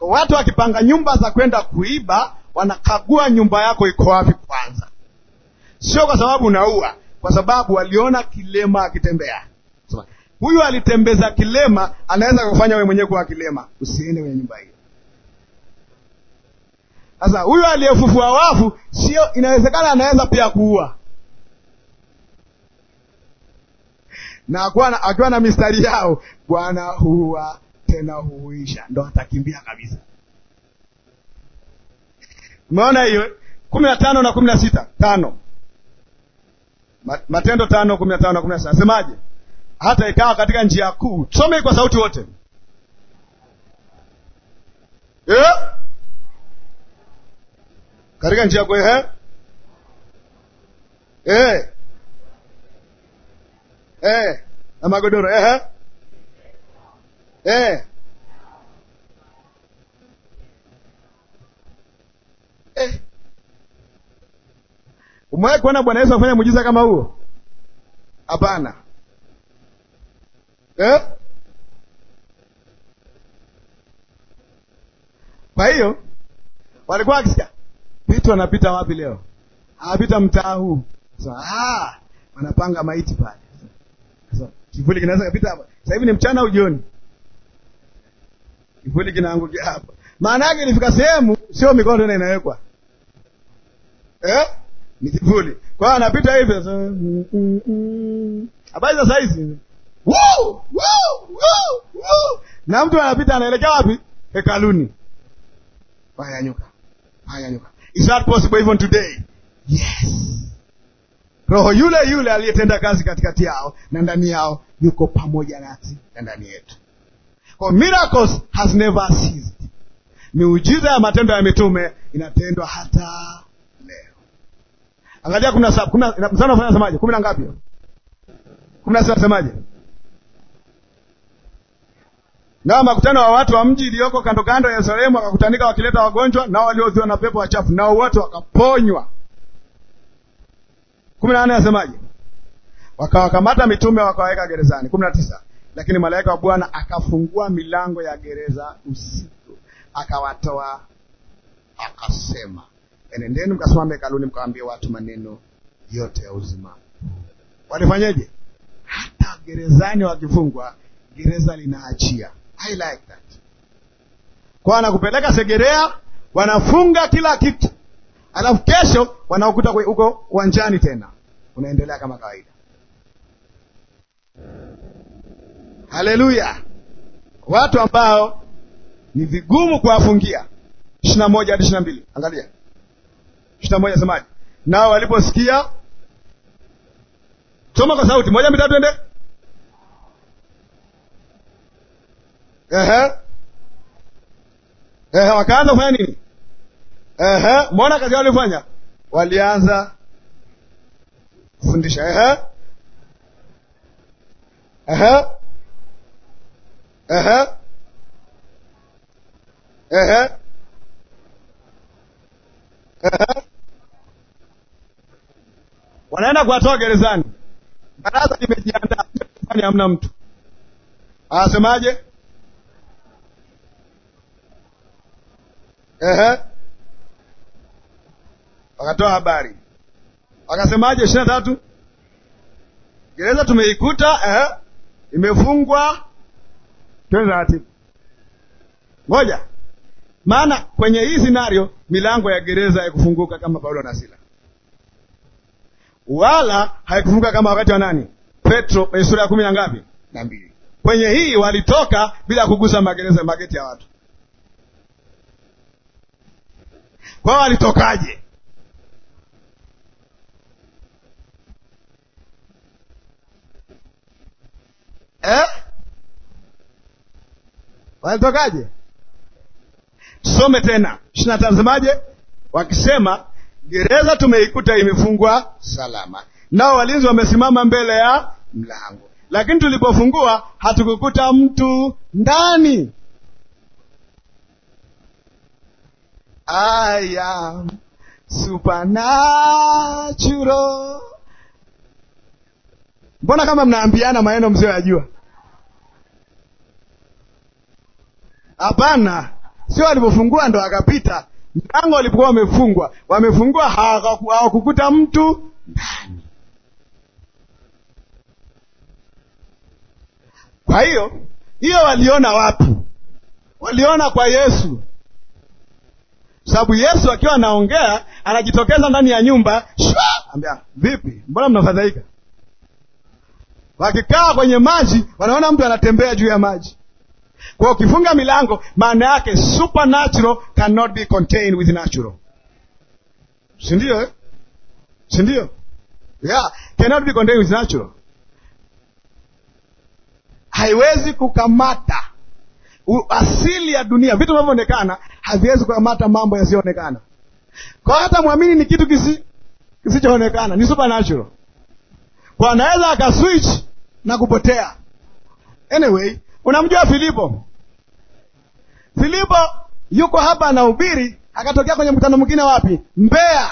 watu wakipanga nyumba za kwenda kuiba, wanakagua nyumba yako iko wapi kwanza, sio kwa sababu unaua, kwa sababu waliona kilema akitembea huyu alitembeza kilema, anaweza kufanya wewe mwenyewe kuwa kilema, usiende kwenye nyumba hiyo. Sasa huyu aliyefufua wafu, sio inawezekana, anaweza pia kuua na akiwa na mistari yao, Bwana huwa tena huisha, ndo atakimbia kabisa. Umeona hiyo? kumi na tano na kumi na sita tano Matendo tano kumi na tano na kumi na sita nasemaje? hata ikawa katika njia kuu. Tusome kwa sauti wote, yeah? katika njia kuu eh? yeah. yeah. na magodoro eh? Umewahi kuona Bwana Yesu afanya muujiza kama huo? Hapana eh? Kwa hiyo walikuwa wakisikia Petro anapita wapi leo? Anapita mtaa huu. So, ah, wanapanga maiti pale. So, kivuli kinaweza kupita hapa. Sasa hivi ni mchana au jioni? Kivuli kinaangukia hapa. Maana yake ilifika sehemu sio mikono tena inawekwa. Eh? Ni kivuli. Kwa hiyo anapita hivi sasa. Mm, mm, mm. Habari za saizi woo, woo, woo, woo. Na mtu anapita anaelekea wapi? Hekaluni. Is that possible even today? Yes. Roho yule yule aliyetenda kazi katikati yao na ndani yao yuko pamoja nasi na ndani yetu. Kwa miracles has never ceased. Miujiza ya matendo ya mitume inatendwa hata leo. Angalia, kuna kuna mfano unafanya semaje? kumi na ngapi? kumi na sita semaje? nao makutano wa watu wa mji iliyoko kando kando ya Yerusalemu wakakutanika wakileta wagonjwa nao waliodhiwa na pepo wachafu, nao watu wakaponywa. kumi na nane anasemaje? Wakawakamata mitume wakawaweka gerezani. kumi na tisa lakini malaika wa Bwana akafungua milango ya gereza usiku, akawatoa, akasema, enendeni mkasimame hekaluni, mkawaambie watu maneno yote ya uzima. Walifanyeje? Hata gerezani wakifungwa, gereza linaachia. I like that. Kwa anakupeleka Segerea, wanafunga kila kitu, alafu kesho wanaokuta huko uwanjani tena, unaendelea kama kawaida. Haleluya! watu ambao ni vigumu kuwafungia. ishirini na moja hadi ishirini na mbili angalia ishirini na moja semaji, nao waliposikia, soma kwa sauti moja, mitatu, ende ehe, ehe, wakaanza kufanya nini? Ehe, mbona kazi walifanya, walianza kufundisha. Ehe, ehe, ehe, ehe, ehe wanaenda kuwatoa gerezani. Baraza limejiandaa, hamna mtu anasemaje? wakatoa habari, wakasemaje? ishirini na tatu, gereza tumeikuta, eh, imefungwa. Twende taratibu, ngoja maana kwenye hii sinario milango ya gereza haikufunguka kama Paulo na Sila, wala haikufunguka kama wakati wa nani? Petro, kwenye sura ya kumi na ngapi na mbili. Kwenye hii walitoka bila kugusa magereza mageti ya watu. kwao alitokaje? Eh? Walitokaje? Tusome tena shina tazamaje Wakisema gereza tumeikuta imefungwa salama, nao walinzi wamesimama mbele ya mlango, lakini tulipofungua hatukukuta mtu ndani. I am supernatural. Mbona kama mnaambiana maneno mzee yajua? Hapana, sio walipofungua ndo akapita. Mlango walipokuwa wamefungwa, wamefungua hawakukuta mtu ndani. Kwa hiyo hiyo waliona wapi? Waliona kwa Yesu sababu Yesu akiwa anaongea anajitokeza ndani ya nyumba shwa, ambia vipi, mbona mnafadhaika? Wakikaa kwenye maji wanaona mtu anatembea juu ya maji. Kwa ukifunga milango, maana yake supernatural cannot be contained with natural, si ndio eh? si ndio? Yeah, cannot be contained with natural, haiwezi kukamata asili ya dunia, vitu vinavyoonekana haziwezi kuamata mambo yasiyoonekana. Kwa hata mwamini ni kitu kisichoonekana, ni supernatural. Kwa anaweza akaswitch na kupotea. Anyway, unamjua Filipo? Filipo yuko hapa anahubiri, akatokea kwenye mkutano mwingine wapi? Mbeya.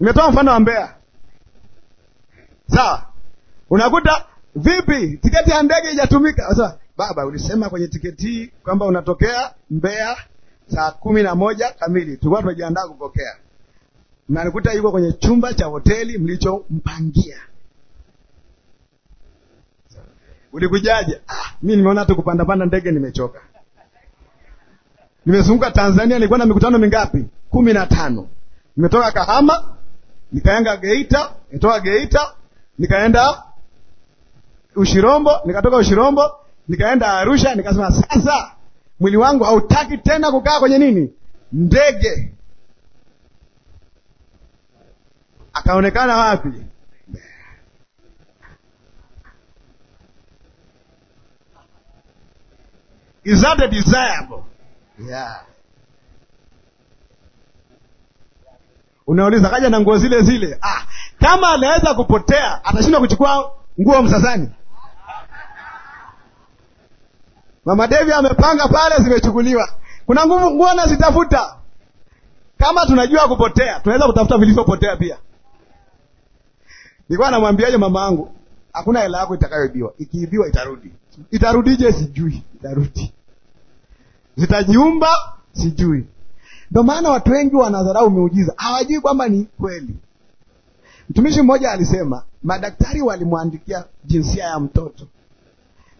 Nimetoa mfano wa Mbeya, sawa? Unakuta vipi, tiketi ya ndege haijatumika, sawa? Baba, ulisema kwenye tiketi kwamba unatokea Mbeya saa kumi na moja kamili. Tulikuwa tunajiandaa kupokea, mnanikuta yuko kwenye chumba cha hoteli mlichompangia. Ulikujaje? Ah, mi nimeona tu kupanda panda ndege, nimechoka. Nimezunguka Tanzania, nilikuwa na mikutano mingapi? kumi na tano. Nimetoka Kahama nikaenda Geita, nitoka Geita nikaenda Ushirombo, nikatoka Ushirombo nikaenda Arusha nikasema, sasa mwili wangu hautaki tena kukaa kwenye nini, ndege. Akaonekana wapi? Is that a desirable? Yeah. Unauliza kaja na nguo zile zile. Ah, kama anaweza kupotea atashindwa kuchukua nguo msasani? Mama Devi amepanga pale, zimechukuliwa. Kuna nguvu nguo nazitafuta. Kama tunajua kupotea, tunaweza kutafuta vilivyopotea pia. Nilikuwa namwambiaje mama yangu, hakuna hela yako itakayoibiwa. Ikiibiwa itarudi. Itarudije? Sijui, itarudi. Zitajiumba, sijui. Ndio maana watu wengi wanadharau miujiza, hawajui kwamba ni kweli. Mtumishi mmoja alisema madaktari walimwandikia jinsia ya mtoto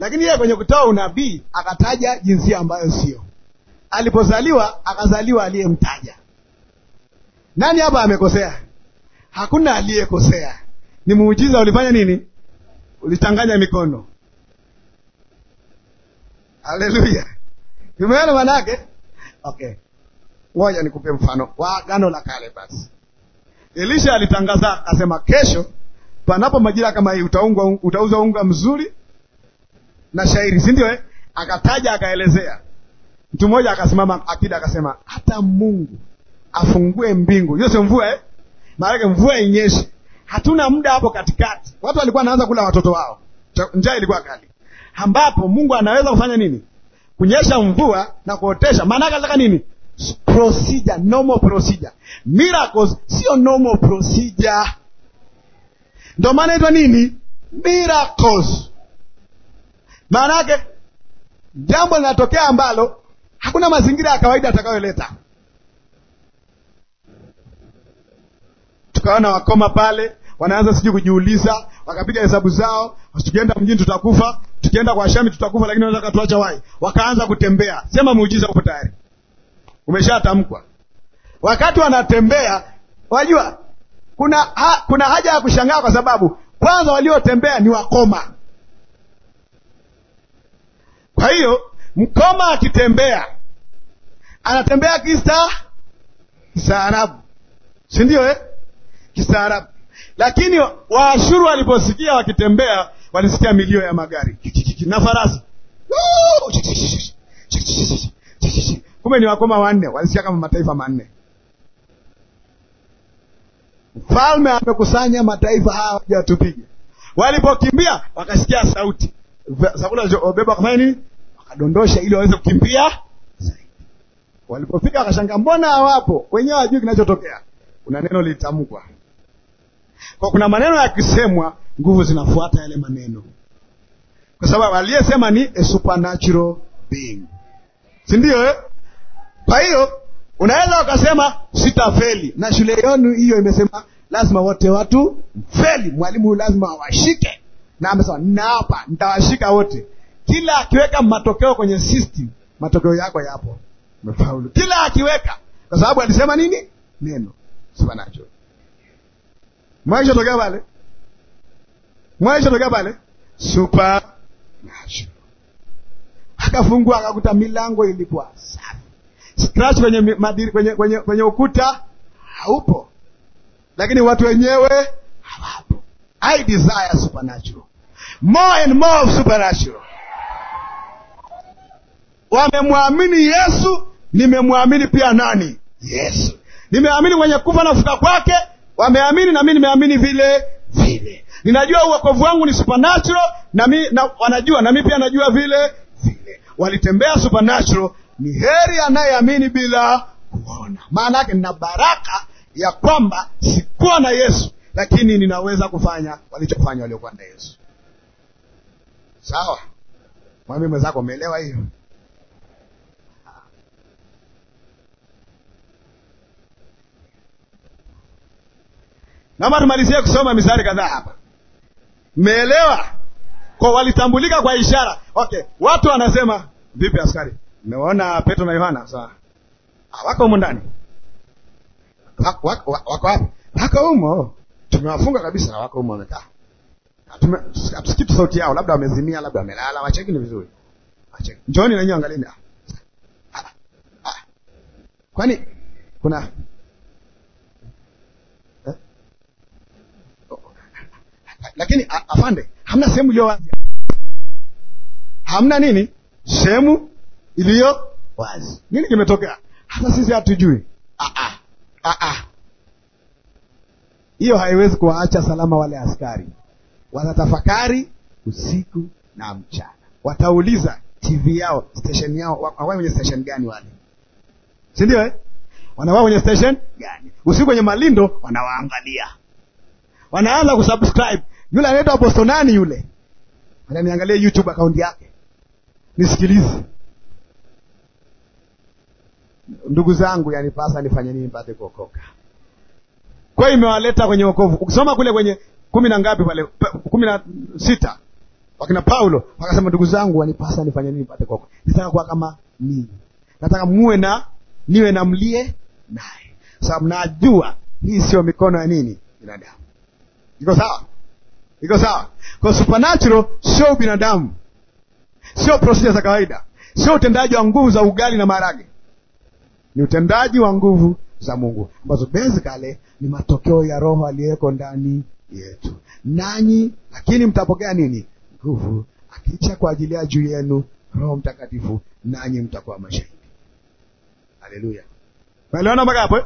lakini yeye kwenye kutoa unabii akataja jinsia ambayo sio. Alipozaliwa akazaliwa aliyemtaja. Nani hapa amekosea? Hakuna aliyekosea. Ni muujiza. Ulifanya nini? Ulichanganya mikono. Haleluya! Umeona maana yake? Okay, ngoja nikupe mfano wa Agano la Kale. Basi Elisha alitangaza akasema, kesho panapo majira kama hii utaungwa, utauza unga mzuri na shairi, si ndio eh? Akataja, akaelezea. Mtu mmoja akasimama akida, akasema hata Mungu afungue mbingu, hiyo sio mvua eh? Maanake mvua inyeshe, hatuna muda hapo katikati. Watu walikuwa wanaanza kula watoto wao, njaa ilikuwa kali, ambapo Mungu anaweza kufanya nini? Kunyesha mvua na kuotesha. Maanake anataka nini? Procedure, normal procedure. Miracles sio normal procedure, ndio maana inaitwa nini? Miracles. Maana yake jambo linatokea ambalo hakuna mazingira ya kawaida atakayoleta. Tukaona wakoma pale, wanaanza sijui kujiuliza, wakapiga hesabu zao, tukienda mjini tutakufa, tukienda kwa shami tutakufa, lakini wanaweza katuacha wai, wakaanza kutembea. Sema muujiza upo tayari, umeshatamkwa. Wakati wanatembea, wajua kuna, ha, kuna haja ya kushangaa kwa sababu kwanza waliotembea ni wakoma kwa hiyo mkoma akitembea anatembea kista kistaarabu, si ndio eh? Kistaarabu. Lakini Waashuru waliposikia wakitembea, walisikia milio ya magari na farasi, kumbe ni wakoma wanne, walisikia kama mataifa manne. Mfalme amekusanya mataifa haya waje Walipokimbia wakasikia sauti, Sauli obeba wakafanya nini? akadondosha ili waweze kukimbia zaidi. Walipofika wakashangaa, mbona hawapo? Wenyewe hawajui kinachotokea. Kuna neno lilitamkwa, kwa kuna maneno yakisemwa, nguvu zinafuata yale maneno, kwa sababu aliyesema ni a supernatural being, si ndio eh? Kwa hiyo unaweza ukasema sitafeli, na shule yenu hiyo imesema lazima wote watu feli, mwalimu lazima awashike, na amesema naapa nitawashika wote kila akiweka matokeo kwenye system, matokeo yako yapo, umefaulu. Kila akiweka, kwa sababu alisema nini? Neno sipanacho maisha tokea pale, maisha tokea pale super natural. Akafungua akakuta milango ilikuwa safi, scratch kwenye madiri, kwenye, kwenye, kwenye ukuta haupo, lakini watu wenyewe hawapo. I desire supernatural more and more of supernatural wamemwamini Yesu, nimemwamini pia nani? Yesu. Nimeamini mwenye kufa na kufuka kwake, wameamini nami nimeamini vile vile. Ninajua uokovu wangu ni supernatural, nami na, wanajua nami pia najua vile vile. Walitembea supernatural. Ni heri anayeamini bila kuona. Maana yake nina baraka ya kwamba sikuwa na Yesu, lakini ninaweza kufanya walichofanya waliokuwa na Yesu. Sawa, mwambie mwenzako, umeelewa hiyo? Naomba tumalizie kusoma mistari kadhaa hapa. Mmeelewa? Kwa walitambulika kwa ishara. Okay, watu wanasema vipi askari? Mmeona Petro na Yohana sawa? Hawako humo ndani. Wako wako wapi? Wako humo. Tumewafunga kabisa na wako humo wamekaa. Hatusikii tu sauti yao, labda wamezimia, labda wamelala, wacheki ni vizuri. Wacheki. Njooni na angalieni. Ah, ah, ah. Kwani kuna lakini afande, hamna sehemu iliyo wazi, hamna nini, sehemu iliyo wazi. Nini kimetokea? Hata sisi hatujui. Hiyo haiwezi kuwaacha salama wale askari, watatafakari usiku na mchana, watauliza TV yao station yao wao wenye station gani wale, si ndio eh? Wanawao wenye station gani? Usiku wenye malindo wanawaangalia, wanaanza kusubscribe yule anaitwa Bostonani yule, ananiangalia YouTube account yake, nisikilize ndugu zangu, yani pasa nifanye nini mpate kuokoka? Kwa hiyo imewaleta kwenye wokovu. Ukisoma kule kwenye kumi na ngapi pale, kumi na sita wakina Paulo wakasema, ndugu zangu, wanipasa nifanye nini mpate kuokoka? Nataka kuwa kama ninyi, nataka muwe na niwe na mlie naye, sababu najua hii sio mikono ya nini binadamu. Iko sawa? iko sawa? Kwa supernatural sio binadamu, sio procedure za kawaida, sio utendaji wa nguvu za ugali na maharage, ni utendaji wa nguvu za Mungu ambazo basically ni matokeo ya Roho aliyeko ndani yetu. Nanyi lakini mtapokea nini? Nguvu, akicha kwa ajili ya juu yenu Roho Mtakatifu, nanyi mtakuwa mashahidi. Haleluya, mpaka hapo eh?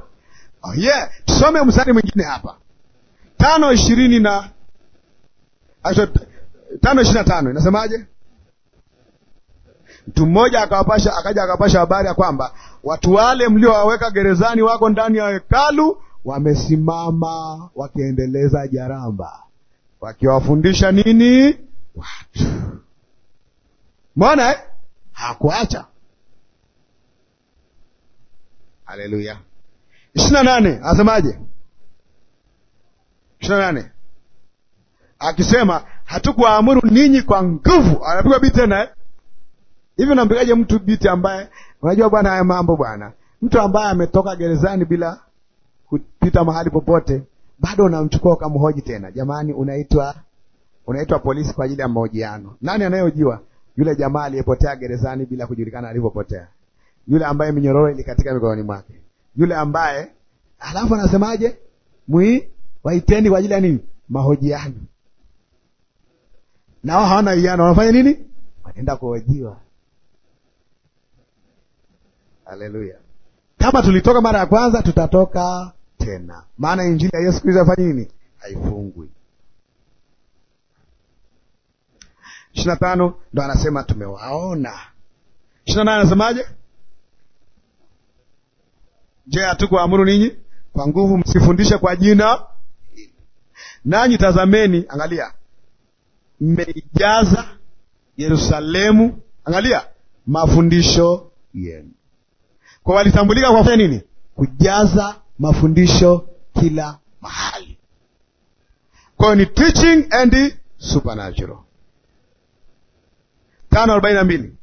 Oh yeah, tusome mstari mwingine hapa, tano ishirini na Ah, tano ishirini na tano inasemaje? Mtu mmoja akawapasha, akaja akawapasha habari ya kwamba watu wale mliowaweka gerezani wako ndani ya hekalu, wamesimama wakiendeleza jaramba, wakiwafundisha nini watu. Mbona eh? Hakuacha. Haleluya. ishirini na nane asemaje? ishirini na nane akisema hatukuwaamuru ninyi kwa nguvu. Anapigwa biti tena eh? Hivi nampigaje mtu biti ambaye unajua bwana haya mambo bwana, mtu ambaye ametoka gerezani bila kupita mahali popote, bado unamchukua ukamhoji tena? Jamani, unaitwa unaitwa polisi kwa ajili ya mahojiano. Nani anayojua? Yule jamaa aliyepotea gerezani bila kujulikana alivyopotea, yule ambaye minyororo ilikatika mikononi mwake, yule ambaye, alafu anasemaje? Mwi waiteni kwa ajili ya nini? Mahojiano na wao hawana hiana, wanafanya nini? Wanaenda kuojiwa. Haleluya! Kama tulitoka mara ya kwanza, tutatoka tena, maana injili ya Yesu Kristo afanya nini? Haifungwi. ishirini na tano ndo anasema tumewaona. ishirini na nane anasemaje? Je, hatukuamuru ninyi kwa nguvu msifundishe kwa jina nanyi? Tazameni, angalia mmeijaza Yerusalemu, angalia mafundisho yenu. Kwa walitambulika kwa kufanya nini? Kujaza mafundisho kila mahali. Kwa hiyo ni teaching and supernatural. Tano arobaini na mbili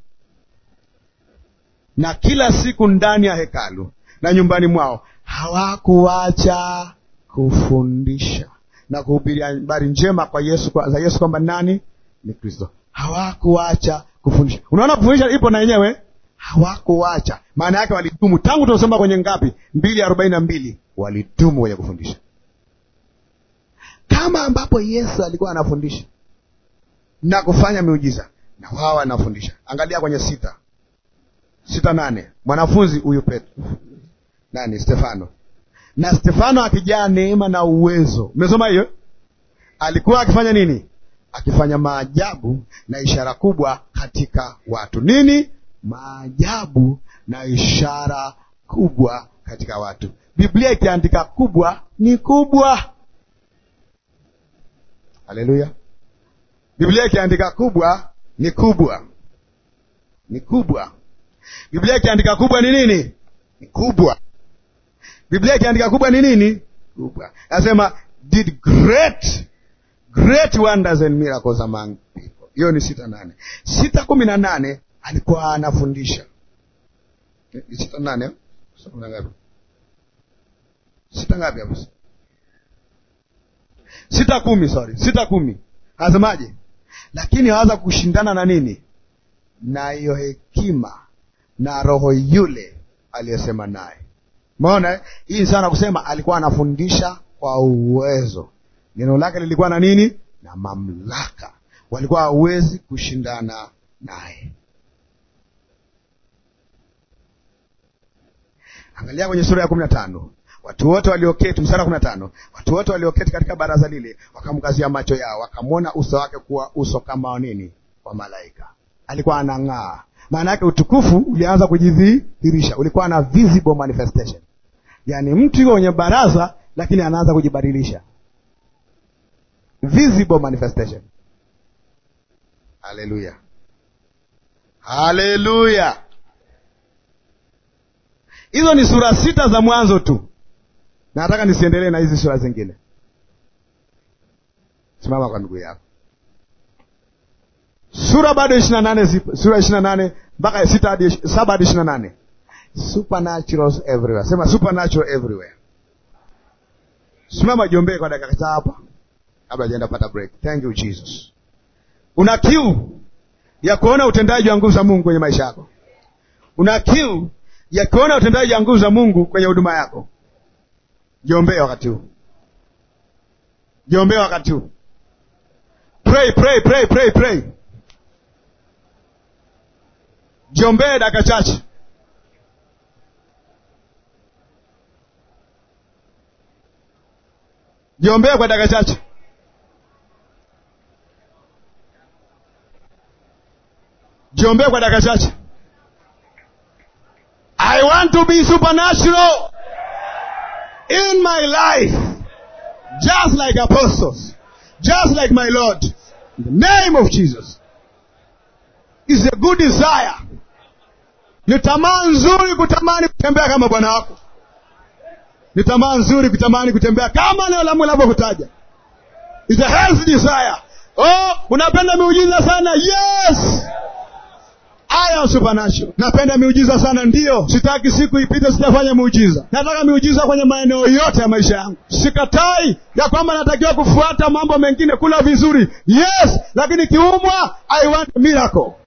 na kila siku ndani ya hekalu na nyumbani mwao hawakuacha kufundisha na kuhubiria habari njema kwa Yesu, kwa, za Yesu kwamba nani ni Kristo. Hawakuacha kufundisha. Unaona, kufundisha ipo na yenyewe, hawakuacha. Maana yake walidumu, tangu tunasoma kwenye ngapi, mbili arobaini na mbili, walidumu kwenye kufundisha kama ambapo Yesu alikuwa anafundisha na kufanya miujiza, na wao wanafundisha. Angalia kwenye sita sita nane, mwanafunzi huyu Petro nani Stefano na Stefano akijaa neema na uwezo. Umesoma hiyo? Alikuwa akifanya nini? Akifanya maajabu na ishara kubwa katika watu. Nini? Maajabu na ishara kubwa katika watu. Biblia ikiandika kubwa ni kubwa. Haleluya! Biblia ikiandika kubwa ni kubwa, ni kubwa. Biblia ikiandika kubwa ni nini? Ni kubwa. Biblia ikiandika kubwa ni nini? Kubwa nasema did great great wonders and miracles among people. Hiyo ni sita nane sita kumi na nane alikuwa anafundisha sita nane sita ngapi hapo? Sita kumi sorry, sita kumi anasemaje? Lakini hawaza kushindana na nini? Na hiyo hekima na roho yule aliyesema naye Umeona hii sana kusema alikuwa anafundisha kwa uwezo. Neno lake lilikuwa na nini? Na mamlaka, walikuwa hawezi kushindana naye. Angalia kwenye sura ya kumi na tano watu wote walioketi, mstari wa kumi na tano watu wote walioketi katika baraza lile wakamkazia macho yao, wakamwona uso wake kuwa uso kama nini? Wa malaika. Alikuwa anang'aa, maana yake utukufu ulianza kujidhihirisha, ulikuwa na visible manifestation yaani mtu yuko kwenye baraza lakini anaanza kujibadilisha, visible manifestation. Haleluya, haleluya! Hizo ni sura sita za mwanzo tu, nataka nisiendelee na hizi sura zingine. Simama kwa ndugu yako. Sura bado ishirini na nane zipo, sura ishirini na nane mpaka sita hadi saba hadi ishirini na nane supernaturals everywhere. Sema supernatural everywhere. Simama jiombee kwa dakika kadhaa hapa kabla hajaenda pata break. Thank you Jesus. Una kiu ya kuona utendaji wa nguvu za Mungu kwenye maisha yako. Una kiu ya kuona utendaji wa nguvu za Mungu kwenye huduma yako. Jiombee wakati huu. Jiombee wakati huu. Pray, pray, pray, pray, pray. Jiombee dakika chache. jiombee kwa dakika chache. Jiombee kwa dakika chache. I want to be supernatural in my life, just like apostles, just like my Lord. In the name of Jesus. is a good desire. Ni tamaa nzuri kutamani kutembea kama Bwana wako. Ni tamaa nzuri kutamani kutembea kama neno la Mungu linavyokutaja. It's a healthy desire. Oh, unapenda miujiza sana? Yes. I am supernatural. Napenda miujiza sana ndio Sitaki siku ipite sitafanya miujiza. Nataka miujiza kwenye maeneo yote ya maisha yangu. Sikatai ya kwamba natakiwa kufuata mambo mengine, kula vizuri. Yes, lakini kiumwa I want miracle.